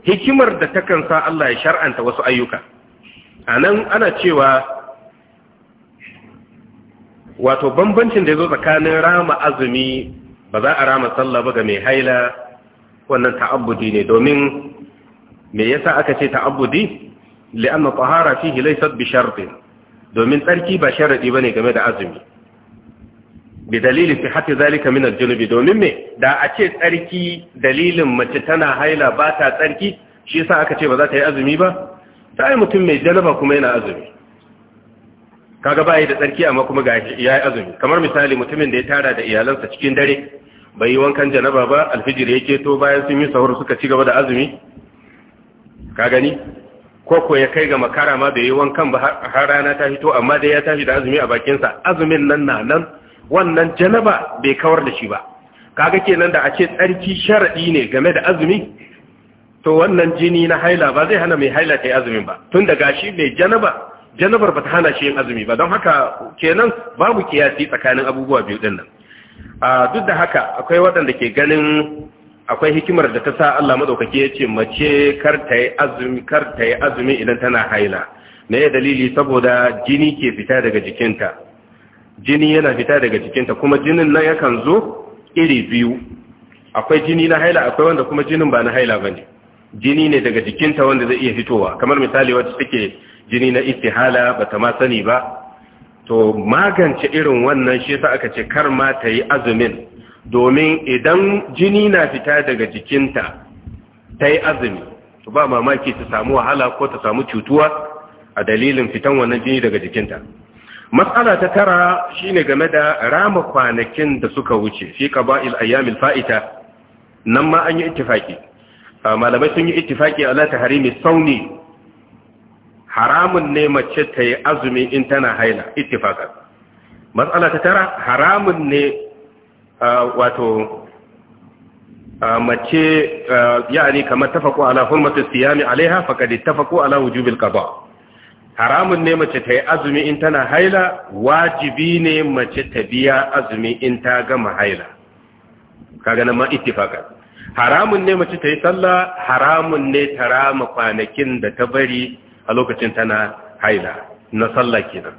hikimar da takan sa Allah ya shar'anta wasu ayyuka a nan ana cewa wato bambancin da ya zo tsakanin rama azumi ba za a rama sallah ba ga mai haila wannan ta'abbudi ne domin me yasa aka ce ta'abbudi li'anna tahara fihi laysat bi shartin domin tsarki ba sharadi bane game da azumi bi dalili hatta zalika min al-junubi domin me da a ce tsarki dalilin mace tana haila ba ta tsarki shi yasa aka ce ba za ta yi azumi ba sai mutum mai janaba kuma yana azumi kaga ba yi da tsarki amma kuma ga ya yi azumi kamar misali mutumin da ya tara da iyalansa cikin dare bai yi wankan janaba ba alfijir ya keto bayan sun yi sahur suka ci gaba da azumi ka gani ko ko ya kai ga makara ma bai yi wankan ba har rana ta fito amma dai ya tafi da azumi a bakinsa azumin nan na nan wannan janaba bai kawar da shi ba kaga kenan da a ce tsarki sharadi ne game da azumi to wannan jini na haila ba zai hana mai haila ta azumin ba tun da gashi mai janaba janabar ba ta hana shi yin azumi ba don haka kenan babu kiyasi tsakanin abubuwa biyu din nan ah, duk da haka akwai waɗanda ke ganin akwai hikimar da ta sa Allah madaukake ce mace kar ta yi azumi kar ta yi azumi idan tana haila me dalili saboda jini ke fita daga jikinta jini yana fita daga jikinta kuma jinin nan yakan zo iri biyu akwai jini na haila akwai wanda kuma jinin ba na haila bane jini ne daga jikinta wanda zai iya fitowa kamar misali wacce take jini na istihala bata ma sani ba to magance irin wannan shi yasa aka ce kar ma ta yi azumin domin idan jini na fita daga jikinta ta yi azumi ba mamaki ta samu wahala ko ta samu cutuwa a dalilin fitan wannan jini daga jikinta matsala ta tara shi ne game da rama kwanakin da suka wuce fi qaba'il ayyamil fa'ita nan ma an yi ittifaki ah, malamai sun yi ittifaki lati harimi sauni haramun ne mace ta yi azumi in tana haila ittifaka matsala ta tara haramun ne wato mace yani kamar tafaku ala hurmatu siyami alaiha faqad tafaku ala wujubil qada haramun ne mace ta yi azumi in tana haila wajibi ne mace ta biya azumi in ta gama haila kaga nan ma ittifaqan haramun ne mace ta yi sallah haramun ne ta rama kwanakin da ta bari a lokacin tana haila na sallah kenan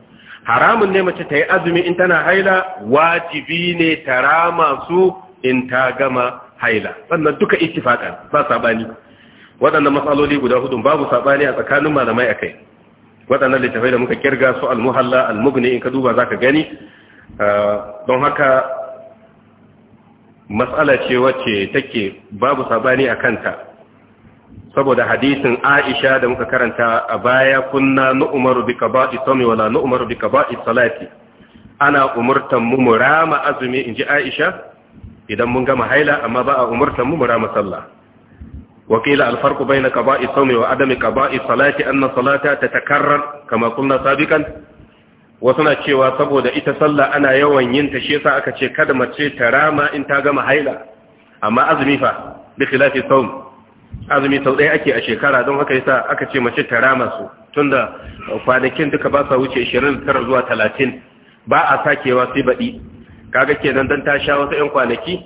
haramun ne mace ta yi azumi in tana haila wajibi ne ta rama su in ta gama haila sannan duka ittifaqan ba sabani waɗannan matsaloli guda hudu babu sabani a tsakanin malamai akai waɗannan littafai da muka kirga su al-muhalla al-mughni in ka duba zaka gani uh, don haka matsala ce wacce take babu sabani a kanta saboda hadisin Aisha da muka karanta a baya kunna nu'maru bi qada'i sami wala nu'maru bi qada'i salati ana umurtan mu murama azumi inji Aisha idan mun gama haila amma ba a umurtan mu murama sallah wa qila al farqu bayna qada'i sami wa adami qada'i salati anna salata tatakarrar kama kunna sabiqan wasu na cewa saboda ita sallah ana yawan yin ta shi yasa aka ce kada mace ta rama in ta gama haila amma azumi fa bi khilafi sawm azumi sau ɗaya ake a shekara don haka yasa aka ce mace ta rama tunda kwanakin duka ba sa wuce 29 zuwa 30 ba a sakewa sai baɗi kaga kenan dan ta sha wasu 'yan kwanaki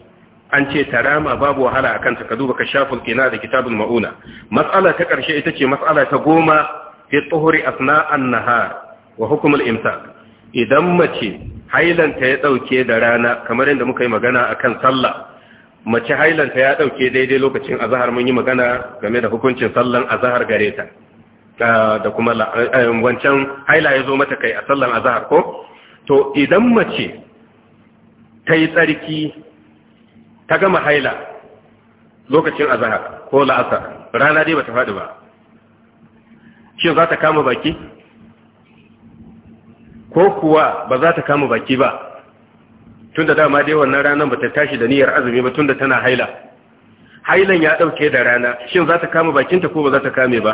an ce ta rama babu wahala a kanta ka duba ka shafin kina da kitabun ma'una matsala ta ƙarshe ita ce matsala ta goma fi tsohuri asna an nahar wa hukumul imsa idan mace hailanta ya ɗauke da rana kamar yadda muka yi magana a kan sallah mace hailanta ya dauke daidai lokacin azahar mun yi magana game da hukuncin sallan azahar gare ta da kuma eh, eh, wancan haila ya zo mata kai a sallan azahar ko to idan mace ta yi tsarki ta gama haila lokacin azahar ko la'asar rana dai bata faɗi ba shin za ta kama baki ko kuwa ba za ta kama baki ba tun da dama dai wannan ranar ba ta tashi da niyyar azumi ba tun da tana haila hailan ya ɗauke da rana shin za ta kama bakinta ko ba za ta kame ba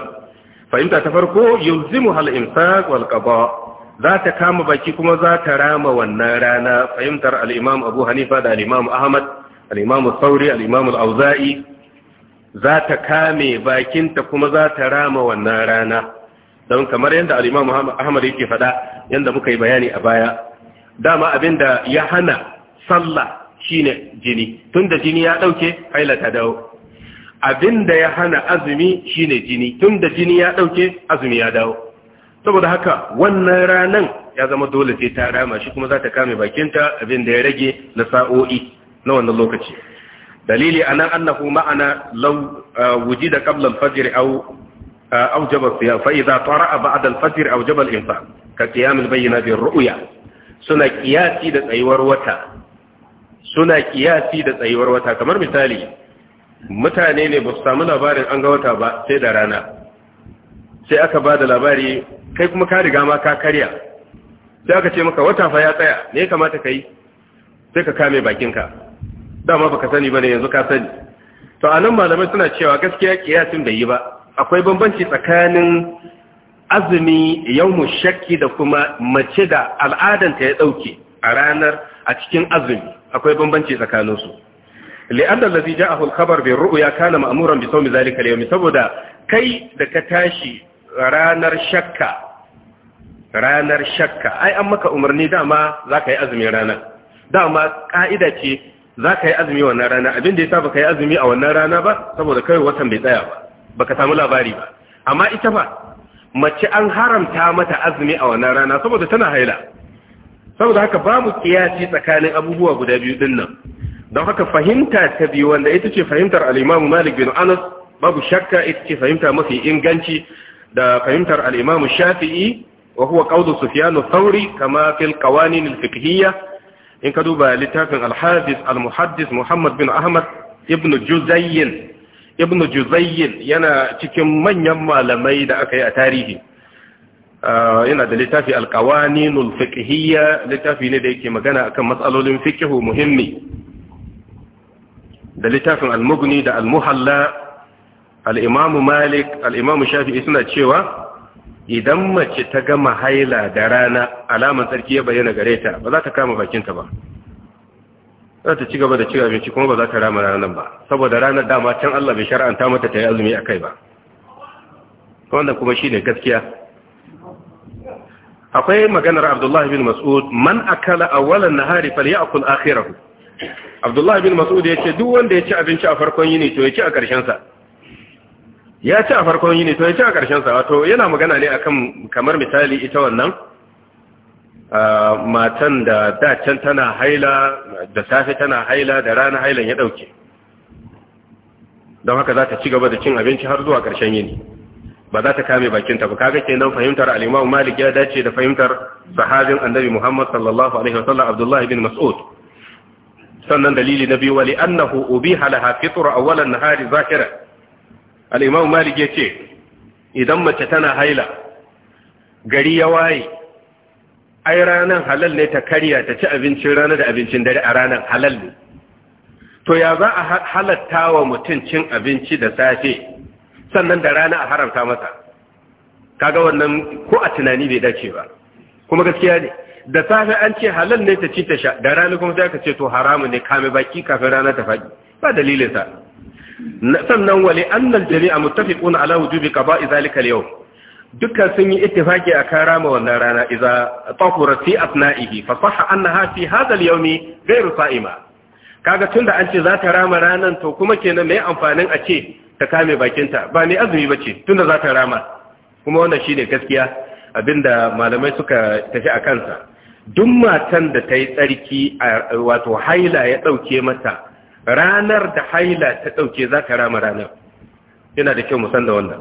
fahimta ta farko yulzimu hal imsak wal qada za ta kama baki kuma za ta rama wannan rana fahimtar Alimam imam abu hanifa da al ahmad al sauri al-imam za ta kame bakinta kuma za ta rama wannan rana don kamar yadda Alimam ahmad yake faɗa yadda muka yi bayani a baya dama abinda ya hana sallah shine jini tunda jini ya dauke haila ta dawo abinda ya hana azumi shine jini tunda jini ya dauke azumi ya dawo saboda haka wannan ranan ya zama dole sai ta rama shi kuma za ta kame bakinta da ya rage na sa'o'i na wannan lokaci dalili anan annahu ma'ana law uh, wujida qabla al-fajr aw أوجب الصيام فإذا طرأ بعد الفجر أوجب الإنفاق كقيام البينة ruya. suna kiyasi da tsayuwar wata suna kiyasi da tsayuwar wata kamar misali mutane ne ba su samu labarin an ga wata ba sai da rana sai aka ba da labari kai kuma ka riga ma ka karya sai aka ce maka wata fa ya tsaya ne kamata ka yi sai ka kame bakinka dama baka sani ba ne yanzu ka sani to a nan malamai suna cewa gaskiya kiyasin bai yi ba akwai bambanci tsakanin azumi yawmu shakki da kuma mace da al'adanta ya dauke a ranar a cikin azumi akwai bambanci tsakanin su li'anna allazi ja'ahu al-khabar bi ru'ya kana ma'muran bi sawmi zalika al-yawm saboda kai da ka tashi ranar shakka ranar shakka ai an maka umarni dama zaka yi azumi ranar dama ka'ida ce zaka yi azumi wannan rana abin da yasa baka yi azumi a wannan rana ba saboda kai watan bai tsaya ba baka samu labari ba amma ita ba mace an haramta mata azumi a wannan rana saboda tana haila saboda haka babu kiyasi tsakanin abubuwa guda biyu din nan don haka fahimta ta biyu wanda ita ce fahimtar al'imamu Malik bin Anas babu shakka ita ce fahimta mafi inganci da fahimtar al'imamu Shafi'i wa huwa qawlu Sufyan thawri kama fil qawanin al-fiqhiyya in ka duba littafin al-Hafiz al-Muhaddis Muhammad bin Ahmad ibn Juzayyin ibnu juzayyin yana cikin manyan malamai da aka yi a tarihi ah, yana da littafi alkawaninul fiqhiyya littafi ne da yake magana akan matsalolin fiqhu muhimmi da littafin almugni da almuhalla al'imamu malik al'imamu shafi'i suna cewa idan mace ta gama haila da rana alaman tsarki ya bayyana gare ta ba za ta kama bakinta ba za ta ci gaba da cin abinci kuma ba za ta rama ranar ba saboda ranar dama can Allah bai shar'anta mata ta yi azumi a kai ba wanda kuma shi ne gaskiya akwai maganar abdullahi bin mas'ud man akala awwalan nahari falyakul akhirahu abdullahi bin mas'ud ya ce duk wanda ya ci abinci a farkon yini to ya ci a karshen sa ya ci a farkon yini to ya ci a karshen sa wato yana magana ne akan kamar misali ita wannan matan da dacen tana haila da safe tana haila da rana hailan ya dauke don haka za ta ci gaba da cin abinci har zuwa ƙarshen yini ba za ta kame bakinta ba kaga kenan fahimtar al Malik ya dace da fahimtar sahabin Annabi Muhammad sallallahu alaihi wasallam Abdullah ibn Mas'ud sannan dalili na biyu wali annahu ubiha laha fitr awwalan nahari zakira al-Imam Malik yace idan mace tana haila gari ya waye ai ranan halal ne ta karya ta ci abincin rana da abincin dare a ranan halal ne to ya za a halatta wa mutum cin abinci da safe sannan da rana a haramta masa kaga wannan ko a tunani bai dace ba kuma gaskiya ne da safe an ce halal ne ta ci ta sha da rana kuma sai aka ce to haramu ne kame baki kafin rana ta faɗi ba dalilin sa sannan wali annal jami'a muttafiquna ala wujubi qada'i zalika al-yawm dukkan sun yi ittifaki a kan rama wannan rana idza tahura fi asna'ihi fa sahha annaha fi hadha al-yawmi ghayru sa'ima kaga tunda an ce za ta rama ranan to kuma kenan mai amfanin a ce ta kame bakinta ba mai azumi bace tunda za ta rama kuma wannan shine gaskiya abinda malamai suka tafi a kansa duk matan da tayi tsarki wato haila ya dauke mata ranar da haila ta dauke za ta rama ranar yana da kyau san da wannan